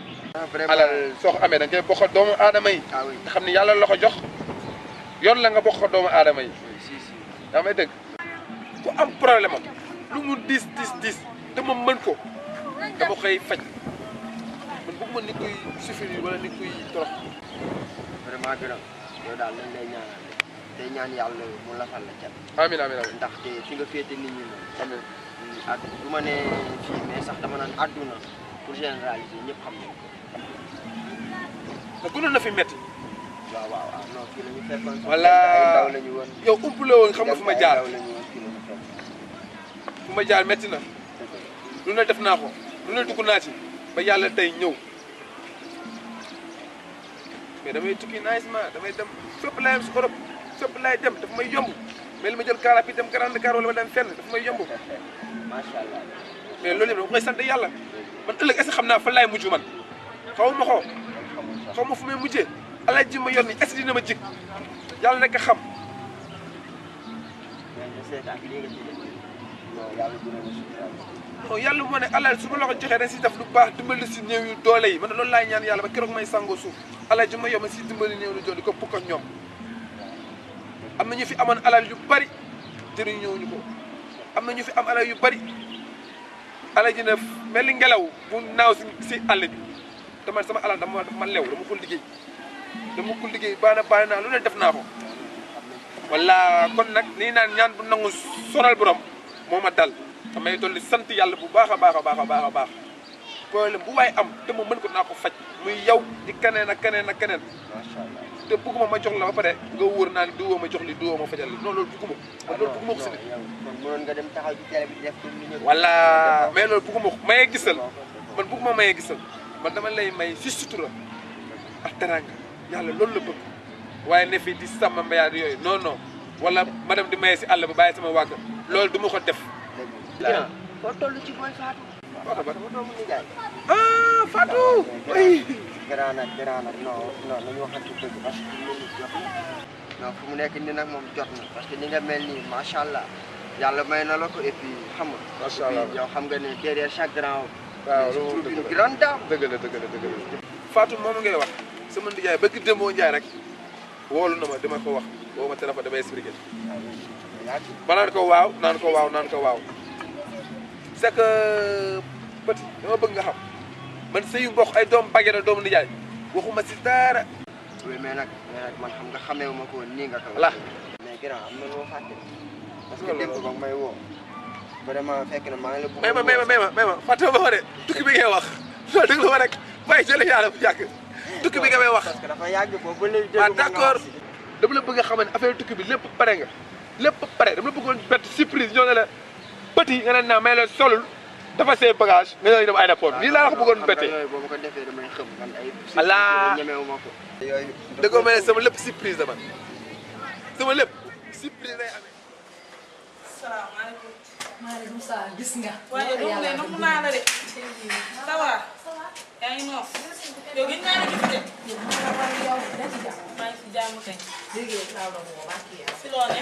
alal soo ko amee da ngay bokk doomu aadama yi te ah xam ne yàlla loxo ko jox yoon la nga bokk doomu aadama yi daa may dëgg am problème mu diis diis diis dama mën ko dama koy faj man bëgg ma nit kuy souffrir wala nit kuy daal lañ lay ñaanal day ñaan yàlla mu lafal la cat amin amin amin ndaxte fi nga féete nit ñi la amin mm, du ma ne fii mais sax dama naan àdduna pour généraliser ñëpp xam ne te gënoon na fi métti. waaw waaw waaw non kii la ñu fekkoon. voilà yow umpule woon xam nga fu ma jaar fu ma jaar métti na. lu ne def naa ko lu ne dugg naa ci ba yàlla tey ñëw mais damay tukki naajement damay dem fépp laay am si Europe fépp laay dem daf may yomb mais li ma jël car rapide dem Grand Dakar wala ma dem fenn daf may yomb. macha allah mais loolu yëpp da koy sant yàlla man ëllëg est-ce que xam naa fan laay mujj man xaw ma ko. xaw ma fu may mujjee alal ji ma yónni est-ce ma jig yàlla nekk xam. non yàlla moo ne alal su ma la ko joxee dañ si def lu baax dimbali si néew yu doole yi man loolu lay ñaan yàlla ba keroog may sangoo suuf alal ji ma yóbbu si dimbali néew yu doole ko pour ko ñoom. am na ñu fi amoon alal yu bari jëriñoo ñu ko am na ñu fi am alal yu bari alal ji ne mel ngelaw bu naaw si si bi. te man sama alal dama ma lew dama ko liggéey dama ko liggéey baana baana naa lu ne def naa ko wala kon nag nii naan ñaan bu nangu sonal borom moo ma dal damay dolli sant yàlla bu baax a baax a baax a baax a baax problème bu waaye am te ma mën ko naa ko faj muy yow di keneen ak keneen ak keneen te bugguma ma jox la ba pare nga wóor naa ni diwoo ma jox li diwoo ma fajal li non loolu bugguma man loolu nga dem taxaw ci bi def wala mais loolu bugguma ko mayee gisal man bugguma mayee gisal ba dama lay may si sutura ak yàlla loolu la bëgg waaye ne fii di sàmm mbayaat yooyu non non wala ma dem di maye si àll ba bàyyi sama wàgg loolu du ma ko def. ah boo toll ci booy Fatou. ba doomu nijaay. ah Fatou. gannaaw nag gannaaw nag non non nañu waxante dëgg parce mu nekk nii nag moom jot na parce que ni nga mel nii macha allah yàlla may na la ko et puis xam nga. yow xam nga ne derrière chaque grand. waaw loolu dëgg la grande dame dëgg la dëgg la dëgg la Fatou moom ngay wax sama ndijaay bëgg démoo njaay rek woolu na ma dama ko wax boo ma téléphone damay expliqué ba naan ko waaw naan ko waaw naan ko waaw c'est que petit dama bëgg nga xam man sëyu mbokk ay doom bage na doomu nijaay waxuma si dara oui mais nag mais nag man xam nga xamee ma ko nii nga ko la mais grand am na loo fàtte parce que démb ba may woo vraiment fekk na maa ngi la bëgg. may ma may ma may ma may ma fàtte ma ko de tukki bi ngay wax loolu dëgg la ma rek waaye jëlee yàlla bu yàgg tukki bi nga may wax. parce que dafa yàgg boobu ba léegi ah, déglu ma nga wax d'accord dama la bëgg a xamal affaire tukki bi lépp pare nga lépp pare dama la bëggoon bett surprise ñoo ne la petit nga ne naa may la solul dafa see bagage nga ñëw dem aéroport lii laa la ko bëggoon ah, bettee. waaw boo ma ko defee damay xam man ay. allah yooyu dëggoo ma ne sama lépp surprise la man sama lépp surprise lay amee. salaamaaleykum. maa leen Moussa gis nga. waaye doomu leen nangu naa la de. ça va. yaa ngi noof. yow gis naa la gis de. si jàmm kay. si loo ne.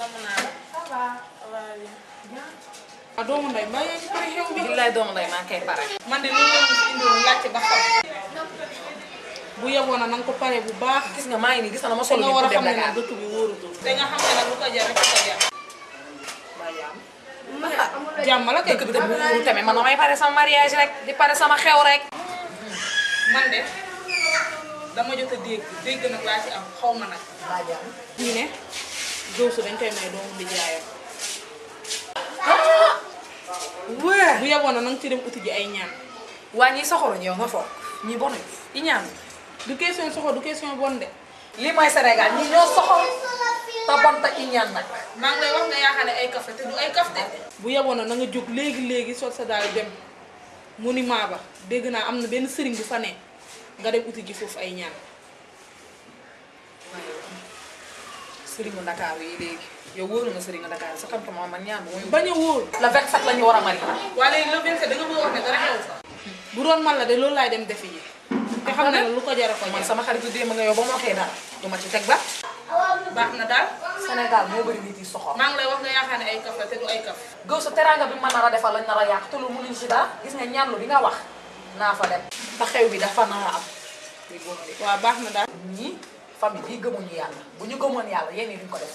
nangu naa la. waaw doomu ndey mbaa yaa ngi pare xew bi. billaay doomu ndey maa ngi koy pare. man de li ñu doon indi ba xam. bu yeboon na ko pare bu baax. gis nga maa ngi gis na ma solo. te nga xam ne lu ko ko jàmm la kay dëkk bi tamit tamit man damay pare sama mariage rek di pare sama xew rek. man de dama jot a dégg dégg nag laa ci am xaw ma nag. waa jàmm ñu ne dañ koy may doomu nijaayam. waa ah! bu yeboon na nga ci dem ay ñaan. waa ñi soxoroon yow nga foog ñi bon i ñaan du question bon de. lii mooy Sénégal ñi ñoo soxor te bon i ñaan nag. maa ngi lay wax nga yaakaar ne ay kaf la te du ay kaf de. bu yeboon na nga jóg léegi léegi sol sa daal dem monument ba dégg naa am na benn sëriñ bu fa ne nga dem uti ji foofu ay ñaan. sëriñu Dakar yi léegi yow wóoru na sëriñu Dakar sa xam-xam man ñaan bu bañ a wóor la vingt-sept la ñu war a mari waaye léegi le vingt-sept da nga wax ne dara xew bu doon man la de loolu laay dem defi yi te xam ne lu ko jar a ko man sama xaritu démb nga yow ba ma waxee dara ma ci teg ba baax na daal. Sénégal moo bëri nit yi soxor. maa ngi lay wax nga yaakaar ne ay kaf la te du ay kaf. gëw sa teraanga bi mën nar a defal lañ nar a yàq te lu mënuñ si dara gis nga ñaanlu bi nga wax naa fa dem. ba xew bi dafa nar a am. waaw baax na daal. ñii famille bii gëmuñu yàlla bu ñu gëmoon yàlla yéen duñ ko def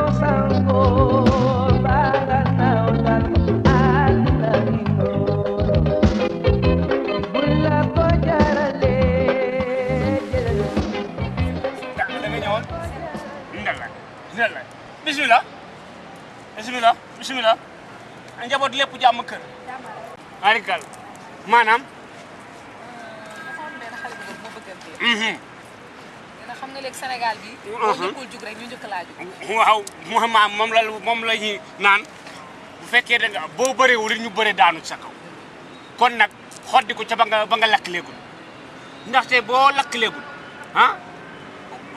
bisimilah bisimilah njaboot lépp jàmm kër. arikal maanaam. dina mhm. xam nga léegi Sénégal bi. Mhm. boo njëkkul jug rek ñu njëkk laa jug. moom la moom naan bu fekkee da boo bëree wul ñu bëree daanu sa kaw kon nag xoddi ko ca ba nga ba nga ndaxte boo lakkleegul ah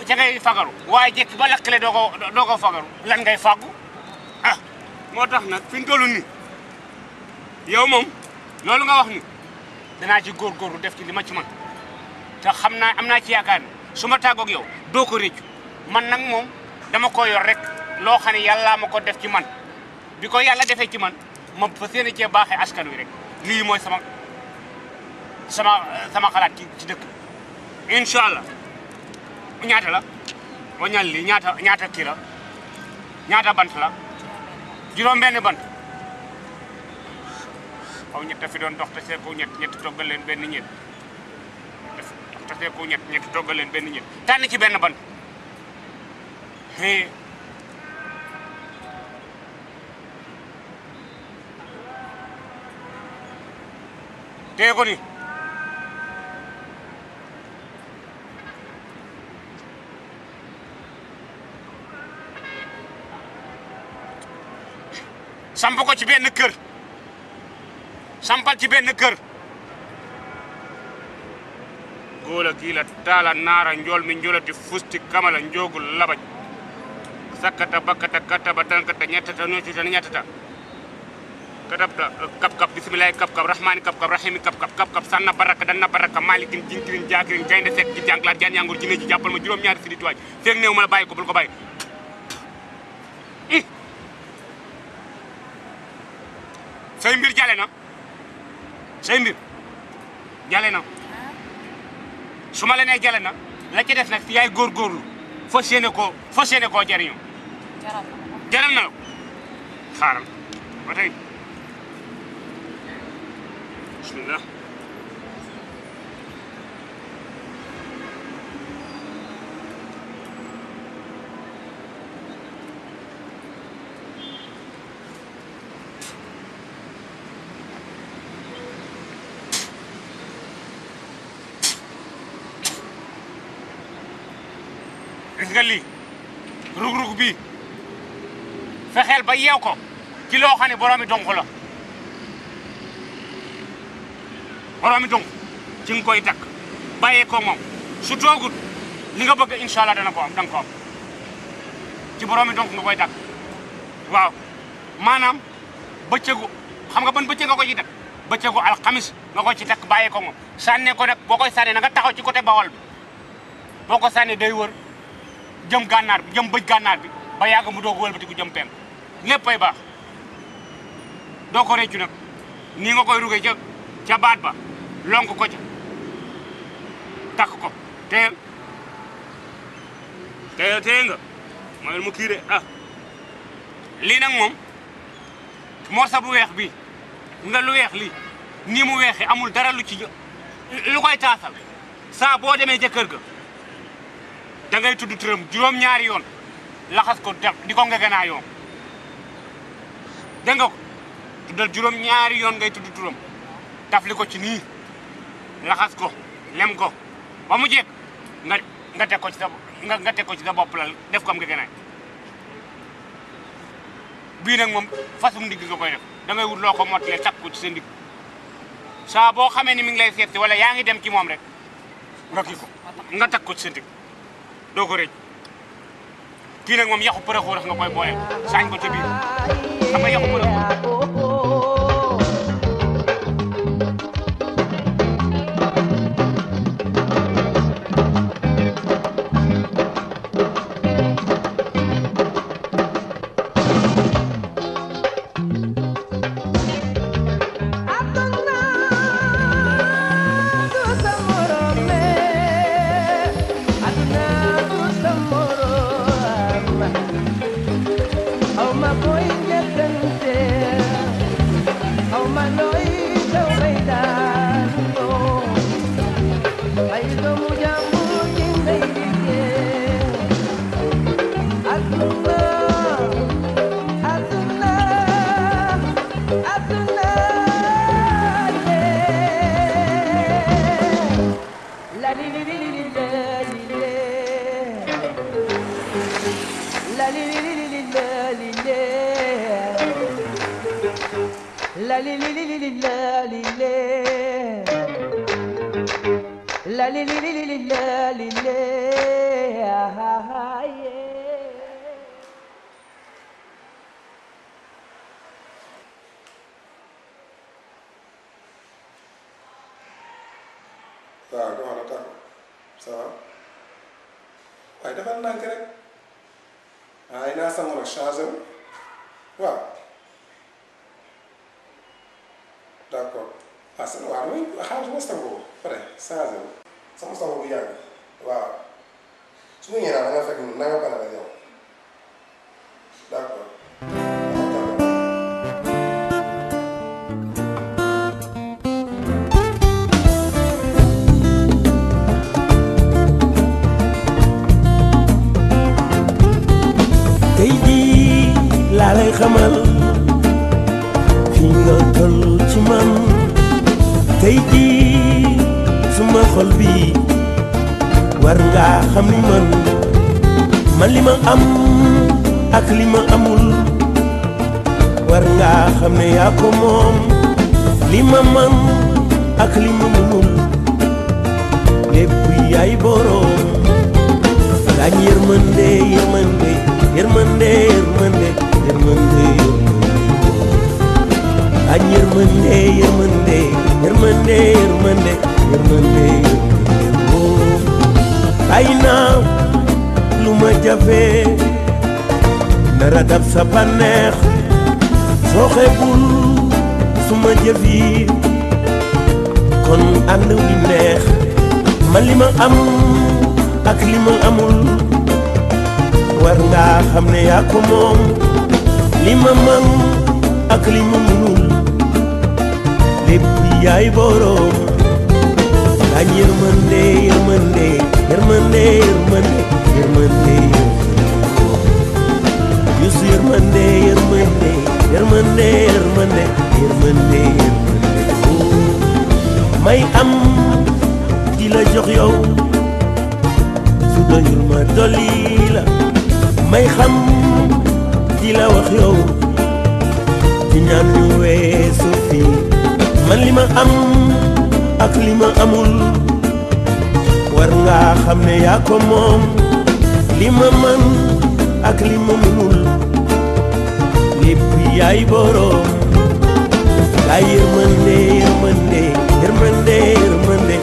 ca ngay fagaru waaye jekki ba doo ko fagaru lan ngay fàggu. Ah, motax nak fiñ tolu ni yow mom lolou nga wax ni dana ci góorgóorlu def ci lima ci man ta xamna amna ci yaakaar suma tagok yow do ko reccu man nak mom dama ko yor rek lo xani yalla mako def ci man biko yalla defé ci man mom fa seen askan wi rek li moy sama sama sama xalat ci ci dekk inshallah allah ñaata la ñal li ñaata ñaata ki la ñaata bant la juróom benn bant xaw ñett fi doon dox tasee ko ñett ñett toggal leen benn ñett dox tasee ko ñett ñett toggal benn ñett tànn ci benn bant téye ko ni ci benn kër sampal ci benn gola gi la tala nara njol mi njolati fusti kamala njogul labaj sakkata bakkata kataba eh, kap kap bismillah kap kap rahman kap kap rahim kap kap kap kap sanna baraka danna baraka malikin jintirin jaakirin gaynde fek ci jangla jaan yangul jine ci jappal ma juroom ñaari fi di feeg fek neewuma la bul ko bàyyi say mbir jale na say mbir jale na su ma la jale na la ci def nag yaay góorgóorlu fas yéene koo fas yéene koo jariñoo jaral na xaaral ba tey lii rug-rug bii fexeel ba yeew ko ci loo xam ne boroomi donk la boroomi donk ci nga koy takk bàyyee ko moom su toogut li nga bëgg incha allah dana ko am danga ko am ci boroomi donk nga koy takk waaw maanaam bëccëgu xam nga ban bëccëg nga ko ci takk bëccëgu alxamis nga ko ci takk bàyyee ko moom sànnee ko nag boo koy sànnee na nga taxaw ci côté bawol bi boo ko sànnee day wër jëm gànnaar jëm bëj gànnaar bi ba yàgg mu doog wëlbatiku jëm penk léppay baax doo ko réccu nii nga koy ruge ca ca baat ba lonk ko ca takk ko teel teel nga mooy mu kiire ah lii nag moom morsa bu weex bi nga lu weex lii nii mu weexee amul dara lu ci lu koy taasal saa boo demee ca kër ga da ngay tudd turam juróom-ñaari yoon laxas ko di ko ngeganaayoo dégg nga ko tuddal juróom-ñaari yoon ngay tudd turam tafli ko ci nii laxas ko lem ko ba mu jeeg nga nga ko ci sa nga teg ci sa bopp la def ko am ngeganaay bii nag moom fasum ndigg ko koy def da ngay wut loo ko mottalee takk ko ci sa ndigg boo xamee ni mi ngi lay seet wala yaa ngi dem ci moom rek nga kii nga takk ko ci sa doo ko rëcc kii nag moom yàqu përëxu rek nga koy boole saañ ko ca biir xam nga yàqu përëxu ndaa xam ne yaa ko moom li ma man ak li ma munul lépp yaay boroom daañ yërmande yërmande yërmande yërmande yërmande Youssou yërmande yërmande yërmande yërmande yërmande may am di la jox yow su doyul ma dolli may xam di la wax yow di ñaan weesu fii man li ma am ak li ma amul war nga xam ne yaa ko moom li ma man ak li ma mënul lépp yaay boroom yaa yërmande yërmande yërmande yërmande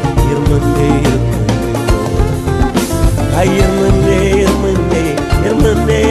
yërmande yërmande perfect.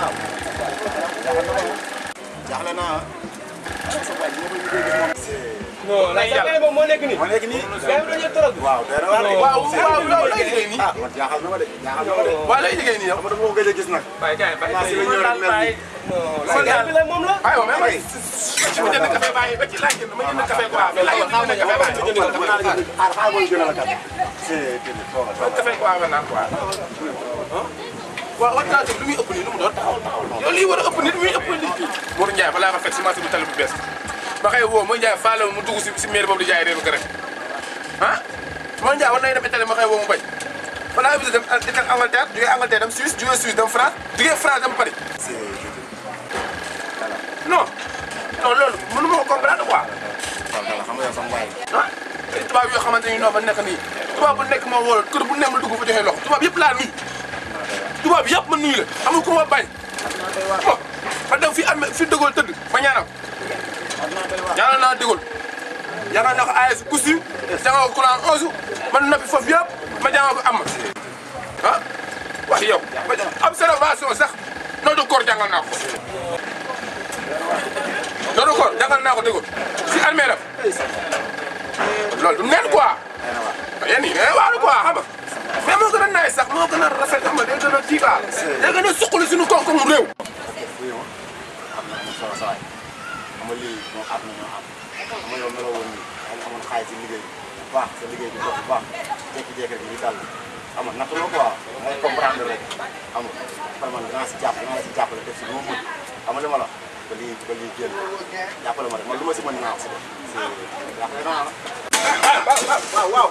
waaw jaaxle naa non la jàppale moom moo nekk nii moo nekk nii waaw dara waaw waaw waaw lay liggéey nii ah man jaaxal na ma de jaaxal na ma de waaw lay liggéey nii yow dama ko gëj a gis nag bay kay bay ci la ñëw rek mel nii non la bi la moom la ay mais bay ci mu jënd café bay ba ci laaj ma jënd café quoi mais laaj ma jënd café bay jënd café ah xaar ma jënd la café c'est café quoi maintenant quoi waaw ordinateur bi lu muy ëpp nii lu mu doon yow lii war a ëpp nit muy ëpp nit kii Mor Ndiaye balaa ma fekk si marché bu tali bu bees ba xëy woo Mor Ndiaye faale mu dugg si si maire boobu di jaay réeru garab ah Mor Ndiaye war nañu dem Italie ma xëy woo mu bañ balaa bi dem Italie Angleterre jugee Angleterre dem Suisse jugee Suisse dem France jugee France dem Paris non non loolu mënu ma ko comprendre quoi ah tubaab yoo xamante ni noo ba nekk nii tubaab bu nekk moo wóor kër bu nem la dugg fa joxe loxo tubaab yëpp laa nii tubaab yëpp ma nuyu la amul ku ma bañ. waaw ma dem fi am fi dëggoon tëdd ma ñaanal. ñaanal naa dëggoon. yaakaar naa ko AS Koussi. jàngal ko man nappi foofu yëpp ma jàngal ko am ah, wax yow observation sax nootu koor jàngal naa ko. nootu koor jàngal naa ko dëggoon la loolu du neen quoi. yéen ñi yéen eh, waaw quoi xam nga. mais moo gën a naay sax moo gën a rafet xam nga day gën a diiba day gën a suqali suñu koom-koom réew. oui moom am na am solo saa yi xam nga lii moom am na ñoo am xam nga yow meloo woon nii xam nga amoon xaalis si liggéey bu baax sa liggéey bi dox bu baax jékki-jékki rek ñu dal xam nga natt loo quoi mooy comprendre rek xam nga par man dinaa si jàpp dinaa si jàppale def si lu ma mën xam nga li ma la ba lii ba lii génn jàppale ma rek man lu ma si mën naa wax si def si jàppale naa la waaw waaw waaw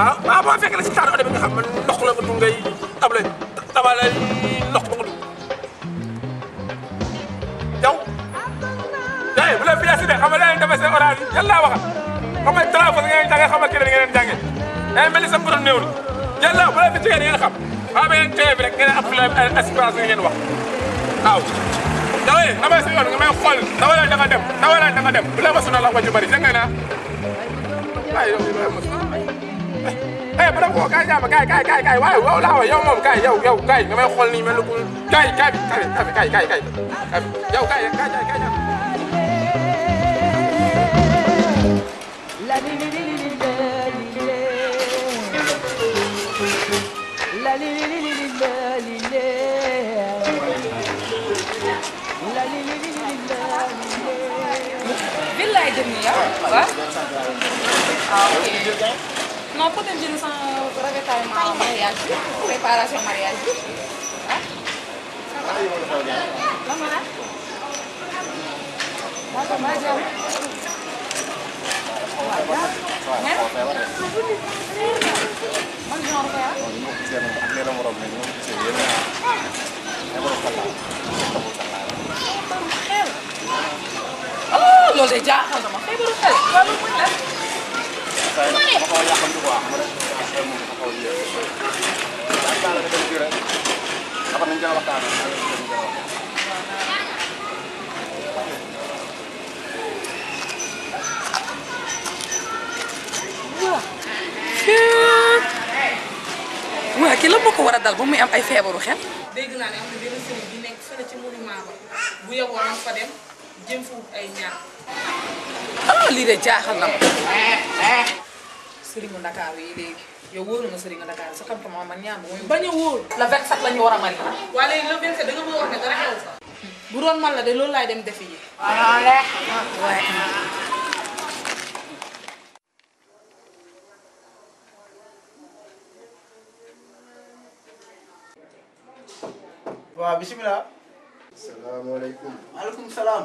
waaw waaw boo fekkee ne si taatu oto bi nga xam man ndox la ko dugg ngay table tabale ndox ba ko dugg yow day bu la financé de xam nga leen dafa seen orange yàlla waxa xam nga traverse ngeen jàngee xam nga keneen ngeen jàngee day mel ni sa borom néewul yàlla bu la fi jigéen ngeen xam waaw ba ngeen tee bi rek ngeen appelé aspirance bi ngeen wax waaw dawe damay sa yoon nga may xool dawe la da nga dem dawe la da nga dem bu la ma sonal la ko ju bari jàng naa waaye yow เฮ้ยไม่ต้องกัวใก่จ้ามาใก้ใก้ใก้ใก้ว่าวราเล่าย่องมไกเย่าเย่องไก้ทำไมคนนี้มันลูกใก้ใก้ใก้ใก้ใก้ใก้ใก่ย่องไกาใก้ใก้ไก่วิลเลจเนล่ยเหรอโลเ No potem giro sono brevettare, ma un mariachi, prepararsi un Oh, Vamos lá? Vamos lá, já. Oh, lo de ya, no, no, no, no, no, no, waaw kii lan moo ko war a dal ba muy am ay feebaru xel. Kan? dégg naa ne am na benn sëriñ bi nekk fële ci monument ba bu yeboo fa dem jëm fa ay ñaar. Ah, lii de jaaxal na ma. sëriñu Ndakaaru yi léegi yow wóoru nga sëriñu Ndakaaru sa xam-xamam man ñaar mooy bañ a wóor. la 27 la ñu war a mari. waa bu doon man la de loolu laay dem defi ji. waaw waaye. waaw bisimilah. salaamaaleykum. maaleykum salaam.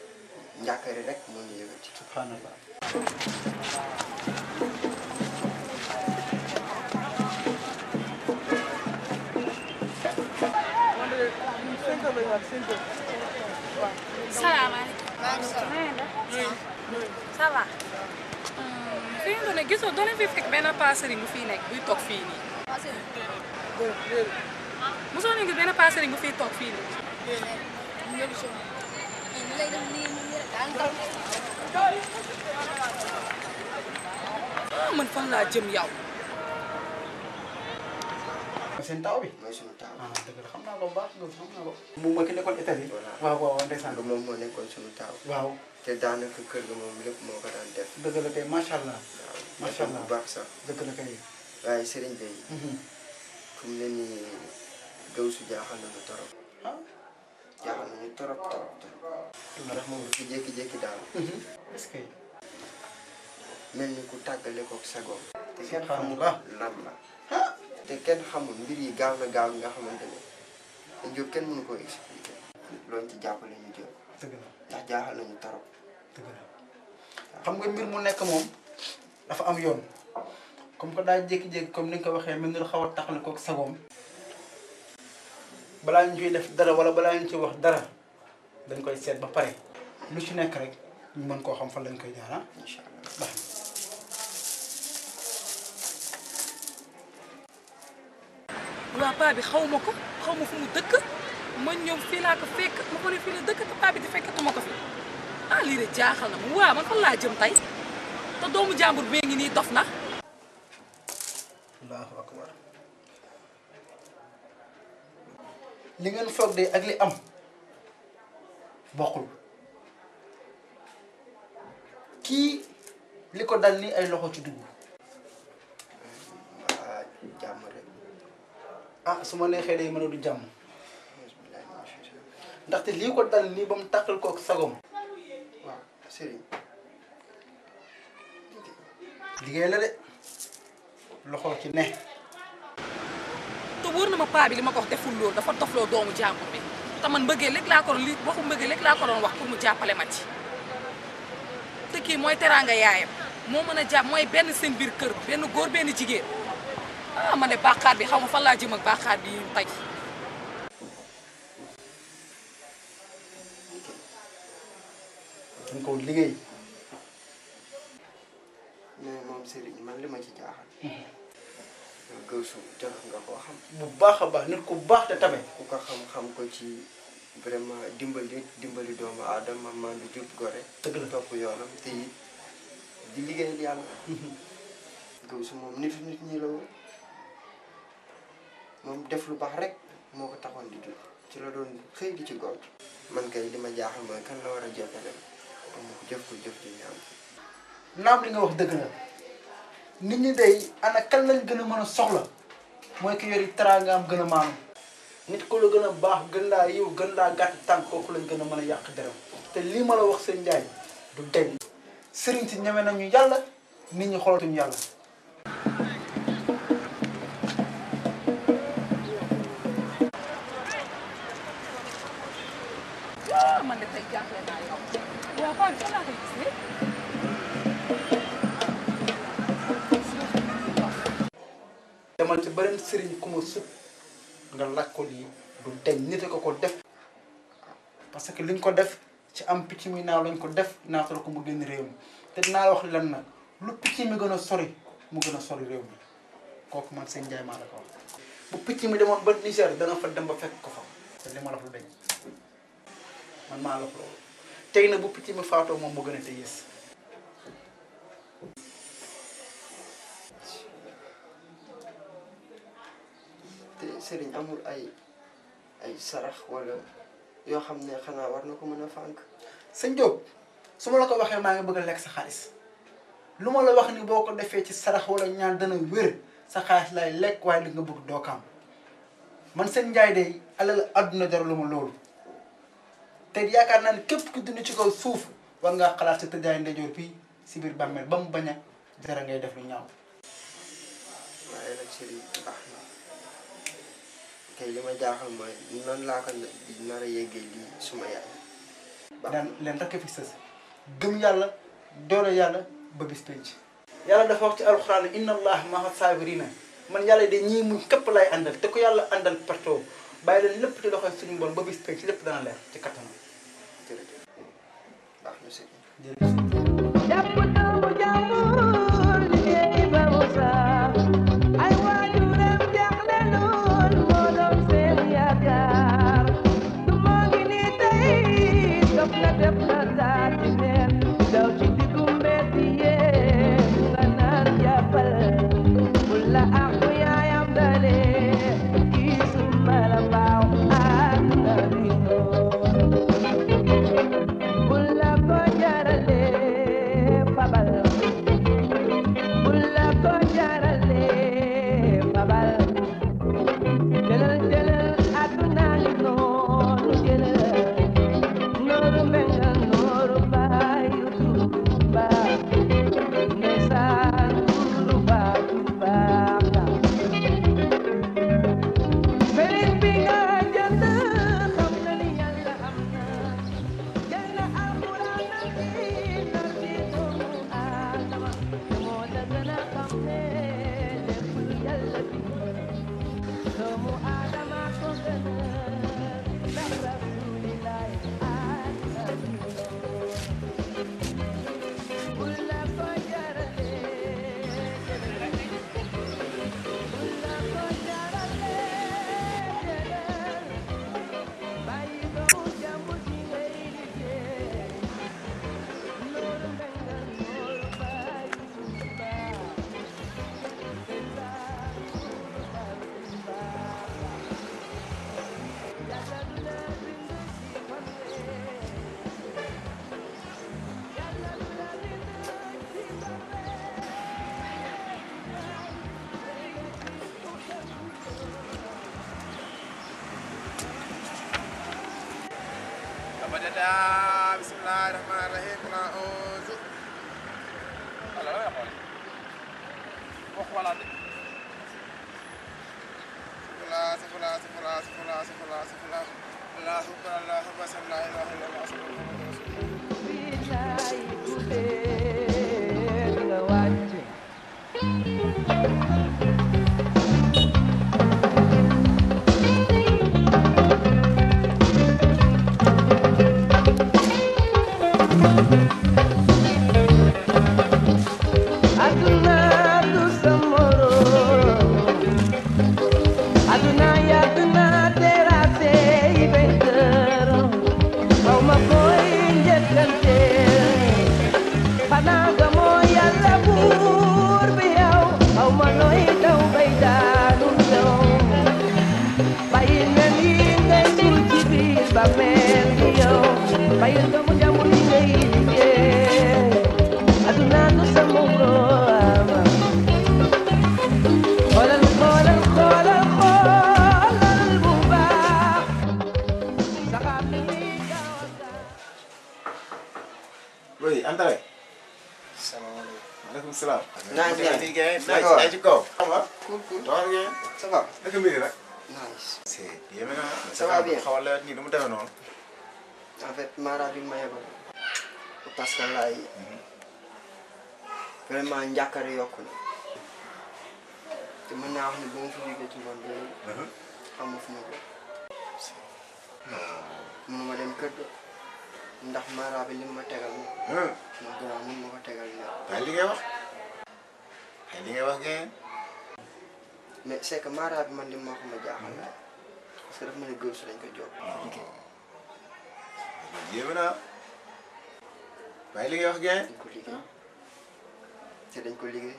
njàkkari rek moo ñu yëngati. subhanallah. salaamaaleykum. maaleykum salaam. ça va. fii mu ne gisoo doo leen fi fekk benn paasari bu fii nekk buy toog fii nii. mosoo leen gis benn paasari bu fii toog fii nii. ah man fan laa jëm yow. seen taw bi. mooy suñu taw ah, xam naa ko baax loolu xam naa ko. moom waaw waaw waaw ndeysaan. moom moo nekkoon suñu taw. waaw te daanaka kër ga moom lépp moo ko daan def. dëgg kay macha allah. baax sax. dëgg kay. waaye Serigne Gueye. Mhm. comme ne nii Gawusu jaaxal na mu torop. Ah. jaaxal nañu trop trop trop. ndax moom mel ni ku tàggale koog sagoom. te kenn xamul lan la. te kenn xamul mbir yi gaaw na gaaw nga xamante ne kenn mënu koo expliquer. loolu ci jàppale ñu Diop. ndax jaaxal nañu trop. xam nga mbir mu nekk moom dafa am yoon comme que daa jékki-jékki comme ni ko waxee mel ni lu xaw a tàggale koog sagoom. balaa ñu ciy def dara wala balaa ñu ci wax dara dañ koy seet ba pare lu ci nekk rek ñu mën koo xam fan lañ koy jaar incha allah waa paa bi xaw ma ko xaw ma fu mu dëkk man ñoom fii laa ko fekk ma ko ne fii la dëkk te paa bi di fekkatuma ko fi ah lii de jaaxal na mu waaw man fan laa jëm tey te doomu jàmbur bee ngi nii dof na allahu akbar li ngeen foog de ak li am bokkul kii li ko dal nii ay loxo ci dugg. Ah, ah su ma neexee day mën a du jàmm ndaxte lii ko dal nii ba mu tàqal ko ak sagom liggéey la de loxo ci ne. te wóor na ma paa bi li ma ko wax deful loolu dafa tofloo doomu jàmbur bi te man mbëggee léegi laa ko doon li waxu mbëggee léegi laa ko doon wax pour mu jàppale ma ci te kii mooy teraanga yaayam moo mën a jàpp mooy benn seen biir kër benn góor benn jigéen ah ma ne bàqaar bi xaw ma fan laa jëm ak bàqaar bi ñu tey dañ gëstu tax nga ko xam. bu baax a baax nit ku baax te tamit. ku ko xam-xam ko ci vraiment dimbali dimbali doomu aadama maam bi jub gore. dëgg la topp yoonam te it di liggéeyal yàlla. gëstu moom nit nit ñi la woon moom def lu baax rek moo taxoon di jub ci la doon xëy di ci gont. man kay li ma jaaxal mooy kan la war kan. a jàppale ba mu jëf ko jëf ji ñaam. naam li nga wax dëgg la. nit ñi day ana kan lañ gën a mën a soxla mooy ki yori teraangaam gën a maanu nit ku la gën a baax gën laa yiw gën laa gàtt tànk kooku lañ gën a mën a yàq deram te lii ma la wax seen njaay du deñ sëriñ si ñeme nañu yàlla nit ñi xoolatuñu yàlla demal ci beneen sëriñ ku ma sut nga laaj ko lii du deñ nit ko ko def parce que liñ ko def ci am picc mi naaw lañ ko def naatal ko mu génn réew mi te dinaa wax lan nag lu picc mi gën a sori mu gën a sori réew mi kooku man seen njaay maa la ko wax bu picc mi demoon ba Niger da fa dem ba fekk ko fa te li ma la fa deñ man maa la ko loolu tey na bu picc mi faatoo moom moo gën a te yées sëriñ amul ay ay sarax wala yoo xam ne xanaa war na ko mën a fànk. sëñ Diop su ma la ko waxee maa ngi bëgg a lekk sa xaalis lu ma la wax ni boo ko defee ci sarax wala ñaan dana wér sa xaalis lay lekk waaye li nga bugg doo ko am man sëñ Ndiaye de alal àdduna lu ma loolu te yaakaar naa képp ku dund ci kaw suuf war ngaa xalaat sa tëjaay ndejoor fii si biir bàmmeel ba mu bañ a ngay def lu ñaaw. te li ma jaaxal mooy nan laa ko nar a yeggee lii suma yaay. daan leen rek fi sës gëm yàlla doole yàlla ba bis penc. yàlla dafa wax ci alxuraan inna allaha maa saabirina man yàlla de ñii muñ képp lay àndal te ko yàlla àndal parto bàyyi leen lépp ci loxoy suñu bon ba bis penc lépp dana leer ci kattanam. da. mara bi man li moo xam ne jaaxal na parce que dafa mel ni góor lañ ko jóg. yéeme naa waaye li wax gee. dañ ko liggéey te dañ ko liggéey.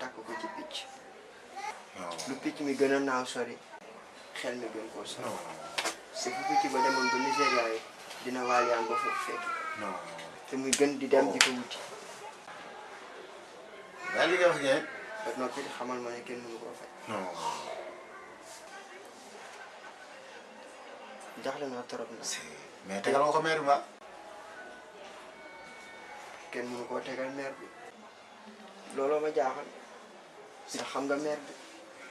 takk ko ci picc. Oh. lu picc mi gën a naaw sori xel mi gën koo sori. te oh. bu picc ba demoon ba Nigéria yi dina waaliyaan ba foofu fekk. te muy gën di dem di ko oh. wuti. wax gee. te koo fay. non. naa trop na. mais tegal nga ko bi ba. kenn tegal maire bi. looloo ma jaaxal. ndax xam nga maire bi.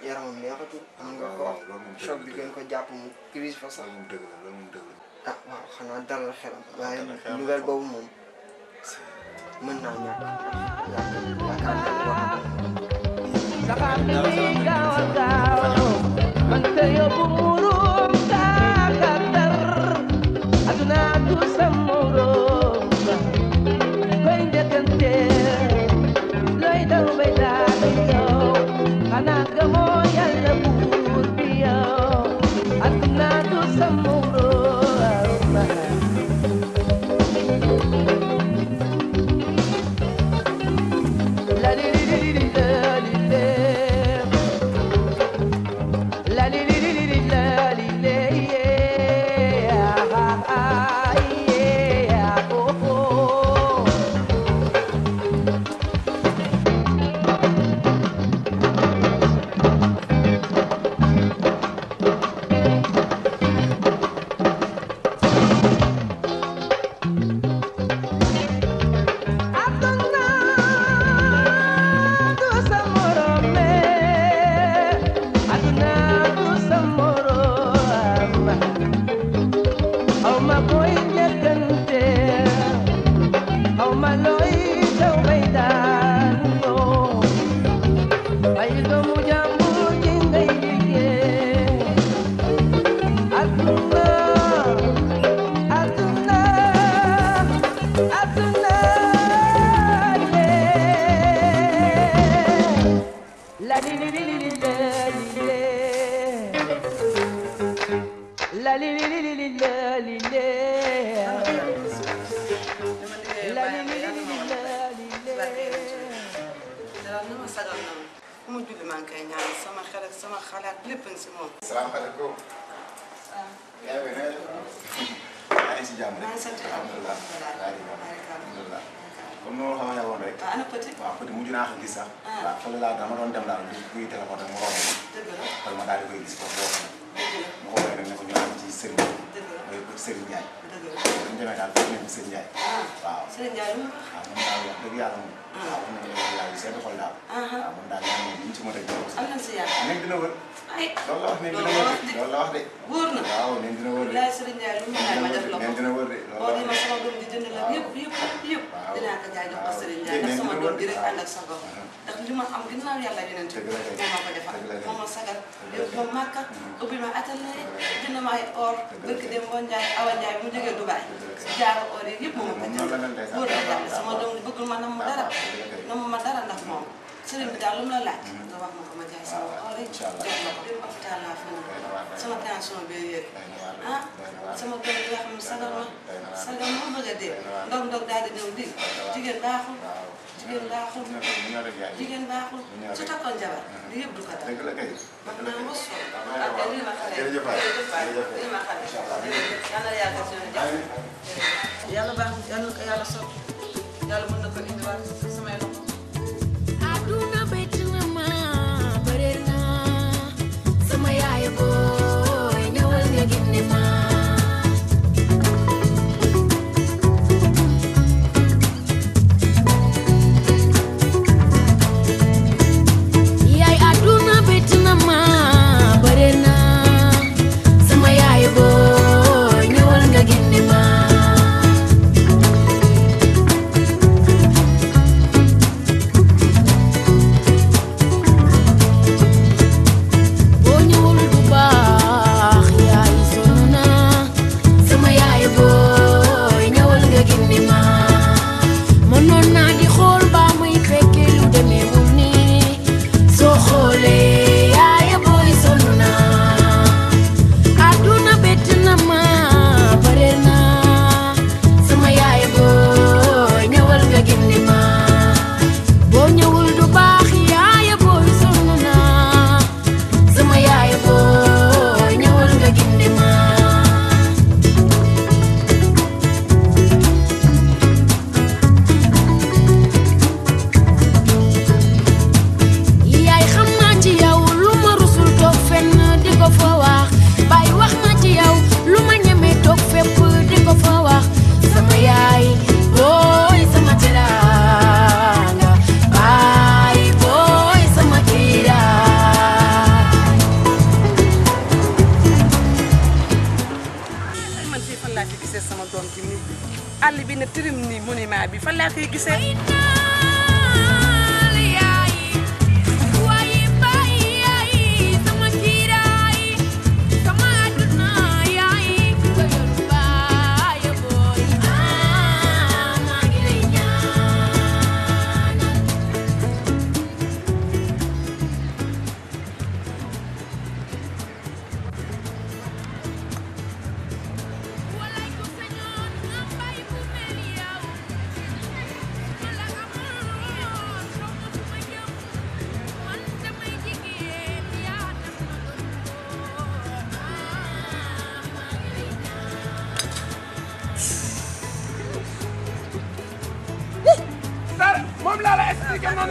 yaramam neexatul. mën nga ah, ko wax bi gën ko jàpp mu crise fa ah waaw xanaa dalal xelam. Ah, waaye nouvelle boobu moom. mën naa ñàkk. yaakaar naa ne sa kapiligaw ang tao, ang tayo bumuha. wóor na waaw neen dina wóor de laay Serigne Ndiaye lu mu laaj ma def la ko dina wóor de loolu ma sama doom di jënd la yëpp yëpp yëpp dinaa ko jaay jox ko Serigne Ndiaye ndax sama doom di rek ànd ak sa gox ndax li ma am ginnaaw yàlla yeneen te moo ma ko defal moo ma sagal yóbbu ma màkka ubbi ma atelier jënd ma ay or dëkk dem ba Ndiaye Awa Ndiaye mu jógee Dubaay jaaro or yi yëpp moo ma ko jënd wóor na yàlla sama doom di bëggul ma nam ma dara nam ma dara ndax moom sëriñ daal lu mu la laaj. Mm-hmm. nga wax ma ko ma jaay sama xol ah, rek. incha allah jox ma ko hôpital laa sama tension bee yëg ah sama góor gi nga xam ne sagar ma sagar ma bëgg a dee ko dal. man maa mos ko boy, no người gonna give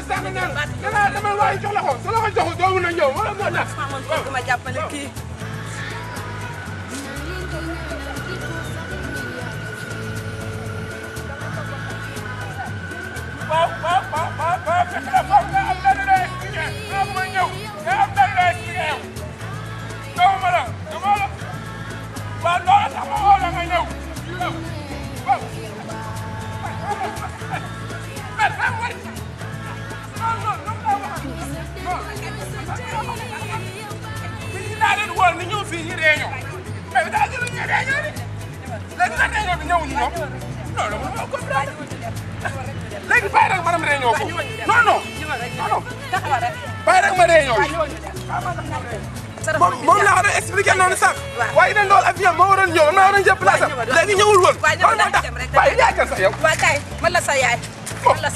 sànq nee na danaa demal waaye jox la ko su la ko joxul doo mun a ñëw wala moo tax. waaw man kooku ma jàppale kii.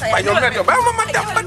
waaye ñoom ñooy toog bàyyi ma ma dem ma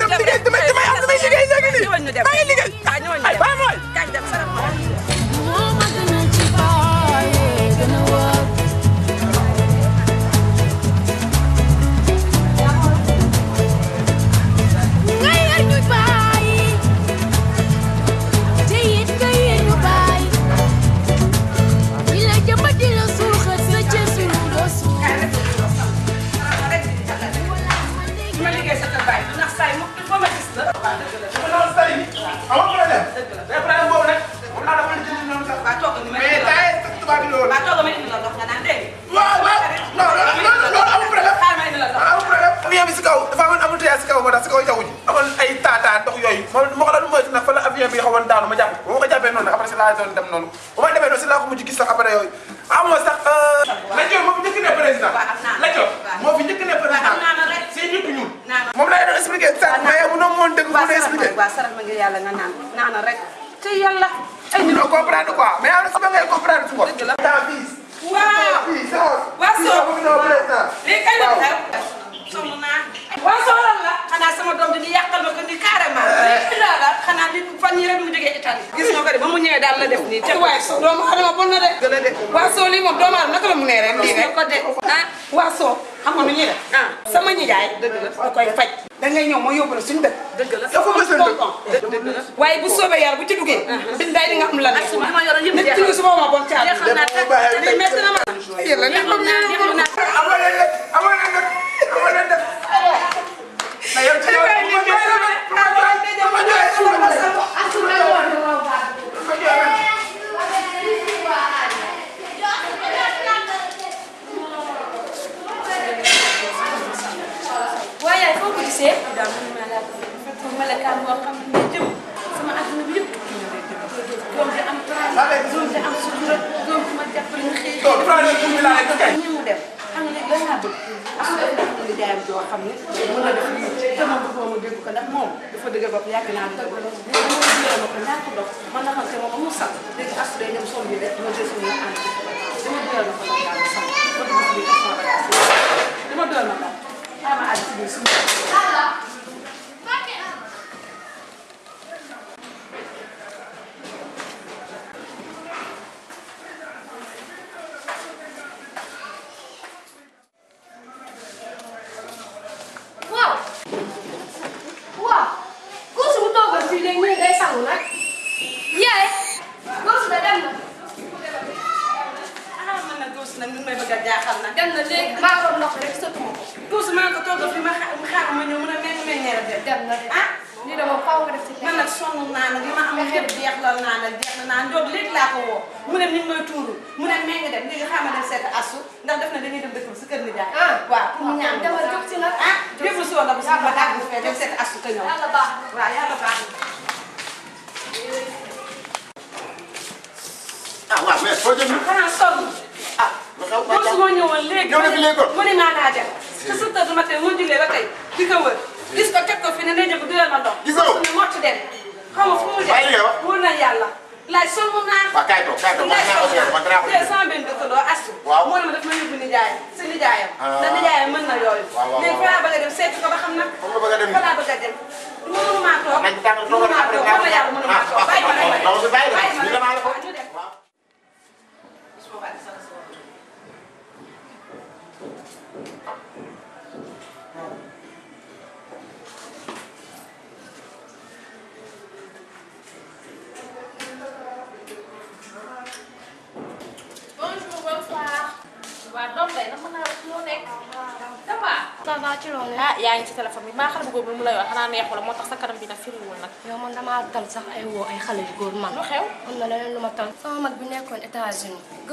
on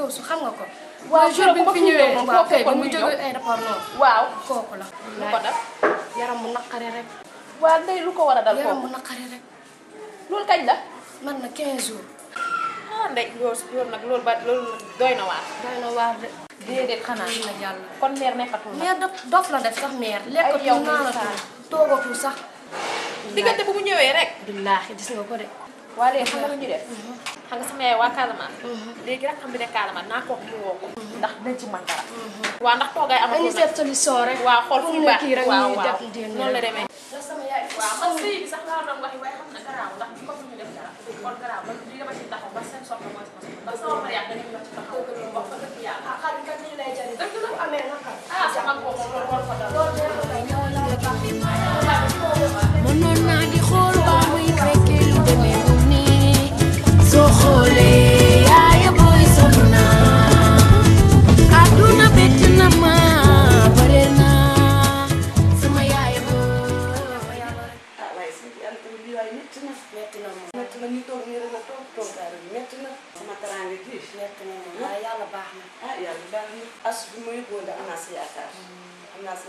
Roso xam nga ko. waaw jour bi mu fi ñëwee kooku kay bi mu jógee aéroport noonu. waaw kooku la. lu ko def yaram mu naqari rek. waaw ndey lu ko war a dal kooku la. man na 15 jours. ah ndey loolu ba loolu doy na waar. doy na waar de. déedéet xanaa na jàll. kon meer nekkatul nag. meer dof la def sax meer. lekkatul naanatul toogatul sax. diggante bu mu ñëwee rek. di gis nga ko de. waa léegi xam nga lu ñu def. Mm-hmm. xam nga sama yaay waa Casamance. Mm-hmm. léegi rek xam bi ne Casamance naa ko wax mu mm-hmm. ndax dinañ ci mën dara. waaw ndax toogaay amatul nag dañuy seet solution rek. waaw xool fu mu baax waaw waaw noonu la demee. ndax sama yaay waaw man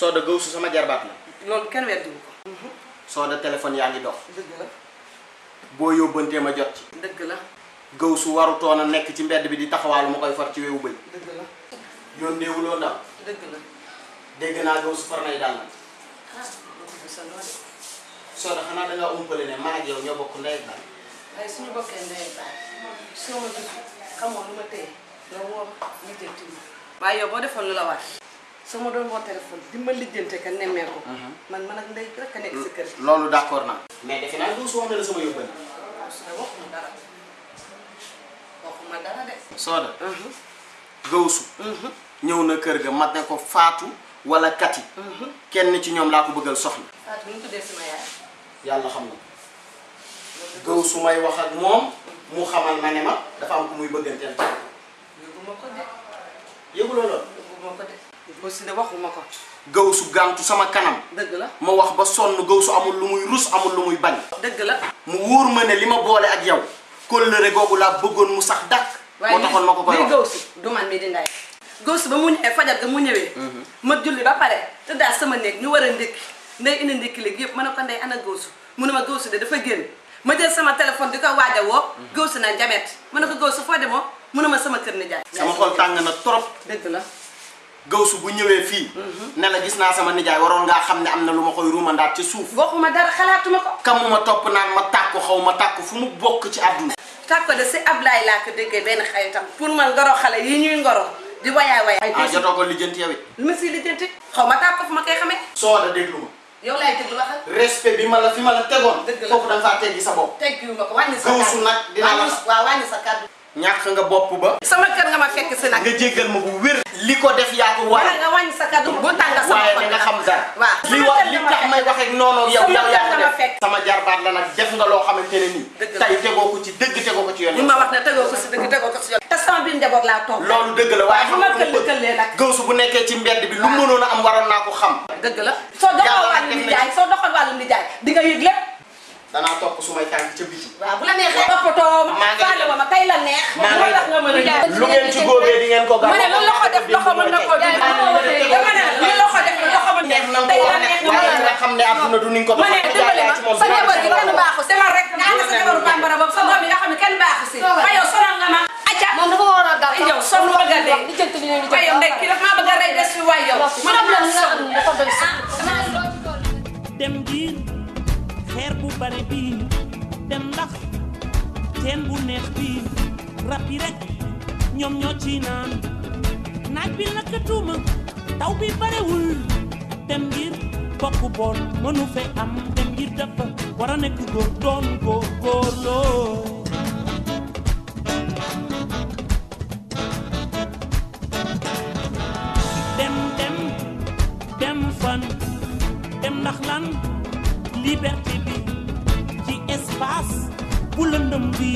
Soda Gawsu sama jarbaat la. loolu kenn weddiwu ko. Mhm. Soda téléphone yaa ngi dox. la. boo yóbbantee ma jot ci. dëgg la. nekk ci mbedd bi di taxawaalu ma koy far ci wewu bëy. dëgg la. yoon néewuloo dëgg naa Gawsu far nay daal nag. Ah, Soda xanaa da ngaa umpale ne maa ak ñoo bokk ndey ak baay. waaye suñu bokkee ndey ak baay waaye yow boo defoon lu la war su ma doon woo di ma lijjante ka nemmeeku. Mhm. man man ak ndey rek a nekk sa kër. loolu d'accord naa. mais defe na la sama yóbbal. waaw de. Soda. Mhm. Mhm. ñëw na kër ga mat ne ko faatu wala Kati. kenn ci ñoom laa ko bëggal soxna. Fatou nu mu yàlla xam na. Gawsu may wax ak moom mu xamal ma ne ma dafa am ku muy bëgganteel. yëgu gawsu de ma ko. gawsu gàntu sama kanam. dëgg la ma wax ba sonn gawsu amul lu muy rus amul lu muy ban dëgg la. mu wóor ma ne li ma boole ak yow. kóllëre googu laa bëggoon mu sax dàq. moo taxoon ma ko koy wax gawsu du man mi di nday gawsu ba mu ñëwee fajar ga mu ñëwee. Mhm. ma julli ba pare te daal sama néeg ñu war a ndékki ndey indi ndékki léegi yëpp ma ne ko ndey ana gawsu mu ne ma gawsu de dafa génn ma jël sama téléphone di ko waaj a woo. Mhm. gawsu na njamet ma na ko gawsu foo demoo mu ne ma sama kër ni jaay. sama xol tàng na trop dëgg la gawsu bu ñëwee fii. Mhm. ne la gis naa sama nijaay waroon ngaa xam ne am na lu ma koy ruumandaat ci suuf. waxuma dara xalaatuma ko. kamuma topp naan ma tàkku xaw ma tàkku fu mu bokk ci àdduna. tàkku de si Ablaye laa ko déggee benn xaritam pour man ngoro xale yi ñuy ngoro di wayaay wayaay. ay pêche ah jotoo ko lijjanti yow it. lu ma siy lijjanti xaw ma tàkku fu ma koy xamee. soo la déglu ma. yow laay déglu waxal. respect bi ma la fi ma la tegoon. dëgg la foofu da nga faa teggi sa bopp. teggiwu ma ko wàññi sa kàddu gawsu nag dina la waaw wàññi sa kàddu ñàkk nga bopp ba. sama kër nga ma fekk si nag. nga jéggal ma bu wér. li ko def yaa ko war. nga wàññi sa kaddu bu tàng sama waaye da nga xam wax li tax may wax ak noonu yow. yow yaa ko def sama jarbaat la nag def nga loo xamante ne nii. dëgg la tey tegoo ko ci dëgg tegoo ko ci yoon. li ma wax ne tegoo ko si dëgg te sama biir njaboot laa toog. loolu dëgg la waaye xam nga lu ma bëgg gawsu bu nekkee ci mbedd bi lu mënoon a am waroon naa ko xam. dëgg la soo doxoon wàllum nijaay soo doxoon wàllum nijaay di yëg lépp danaa topp su may tànk ca biti. waaw bu la neexee toppatoo ma faale ma ma tey la neex. maa ngi lay def maa ngi lu ngeen ci góobee di ngeen ko gaaw. ma ne lu loxo def loxo mën na ko def. dama ne lu loxo def loxo mën na ko def. tey la neex nga mën la xam ne àdduna du niñ ko doon. ma ne dimbali ma sa njaboot gi kenn baaxu si. rek nga ànd sa njaboot bambara boobu sa doom yi nga xam ne kenn baaxu si. ba yow sonal nga ma. acca moom dafa war a gaaw yow sonal nga de. ba yow ndey ki daf maa bëgg a rey des fi waay yow. ma ne ma sonal dem ji xeer bu bari bi dem ndax teen bu neex rek ñoom ñoo ci naan naaj bi lakkatuuma taw bi barewul dem ngir bokk bool mënu fe am dem ngir dafa war a nekk góor doon góor dem fan dem ndax lan liberté espace bu lëndëm bi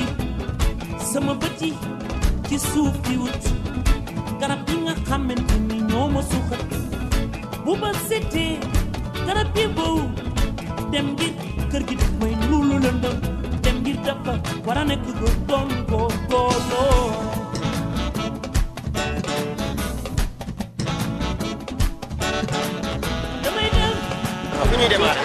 sama beti yi ci suuf di wut garab yi nga xamante ni ñoo ma suuxat bu ma setee garab yi bëw dem ngir kër gi daf may dem ngir dafa damay dem.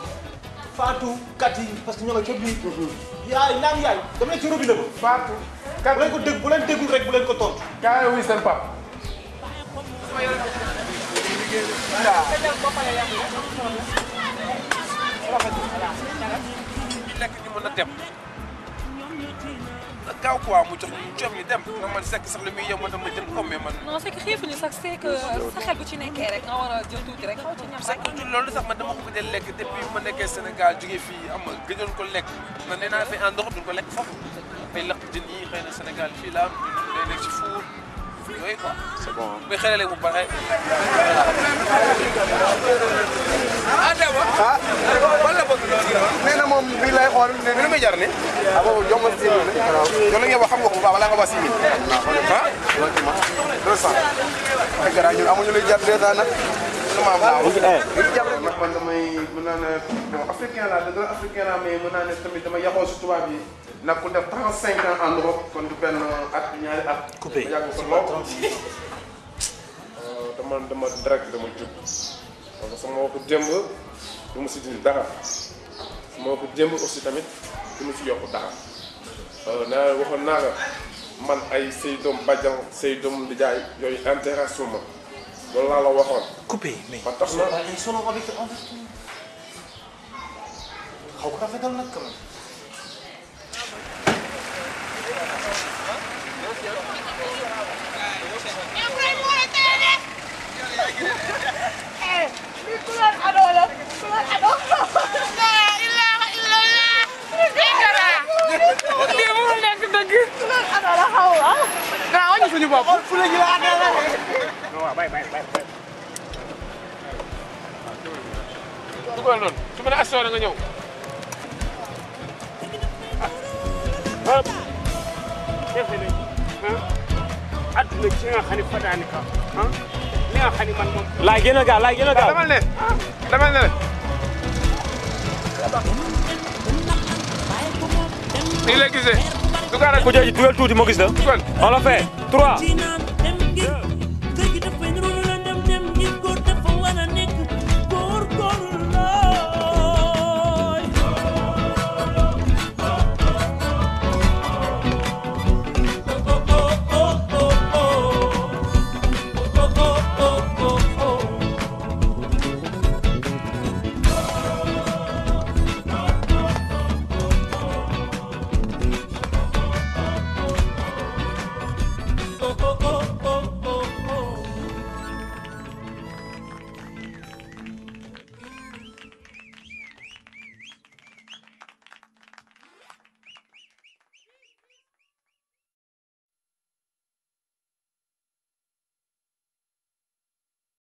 Fatou kat yi parce que ñoo ca biir. Mhm. yaay naan yaay dama leen ci robinet ba. Fatou kat bu leen ko dégg bu leen déggul rek bu leen ko tontu. kaay wuy seen pap. nekk ñu mën a dem. gaaw quoi mu jox ñu jox ñu dem nga man sekk sax lu muy yem man tam ma jël ko mais man. non c'est que xiifuñu sax c'est que sa xel bu ci nekkee rek nga war a jël tuuti rek xaw ci ñam. c'est que loolu sax man dama ko gëj a lekk depuis ma nekkee Sénégal jógee fii am nga gëjoon ko lekk man nee naa fay en ndox duñ ko lekk foofu. ay lakk jën yi xëy fii la am day nekk ci fuur. yooyu quoi. c'est bon bu xelale bu baaxee. ah d' accord. ah ban la bëgg. nee na moom bii lay xool nee na lu muy jar nii. ah boobu jox ma si biir bi. waaw yow nag yow xam nga ko bu baax balaa nga ba si biir. ah loolu ci ma. 200. ay garab ñun amuñu luy jar 200 nag. waaw waaw li ñu jàppale man damay mën naa ne bon africain laa dëgg la africain laa mais mën naa ne tamit dama yaxoo si tubaab yi. na def 35 ans en Europe kon du benn at ñaari at. coupé yàgg sa bopp dama dama direct dama jub donc sama waxu démb du ma si dindi dara sama waxu démb aussi tamit du ma si yokk dara euh, naa waxoon naa la man ay say doom bàjjan say doom di jaay yooyu intéressé ma loolu laa la waxoon. coupé mais ba tax na solo avec en fait xaw ko rafetal nag quand même punya baik baik baik cuma asal dengan nyau defe nañ ah adduna ki nga xam ne fadaani ka ah li nga xam ne man moom. laa gën a gaaw laa gën a gaaw demal ne demal ne. nii lay gisee. du ko arrêté ku jëli dugal tuuti moo gis la. on le fait trois.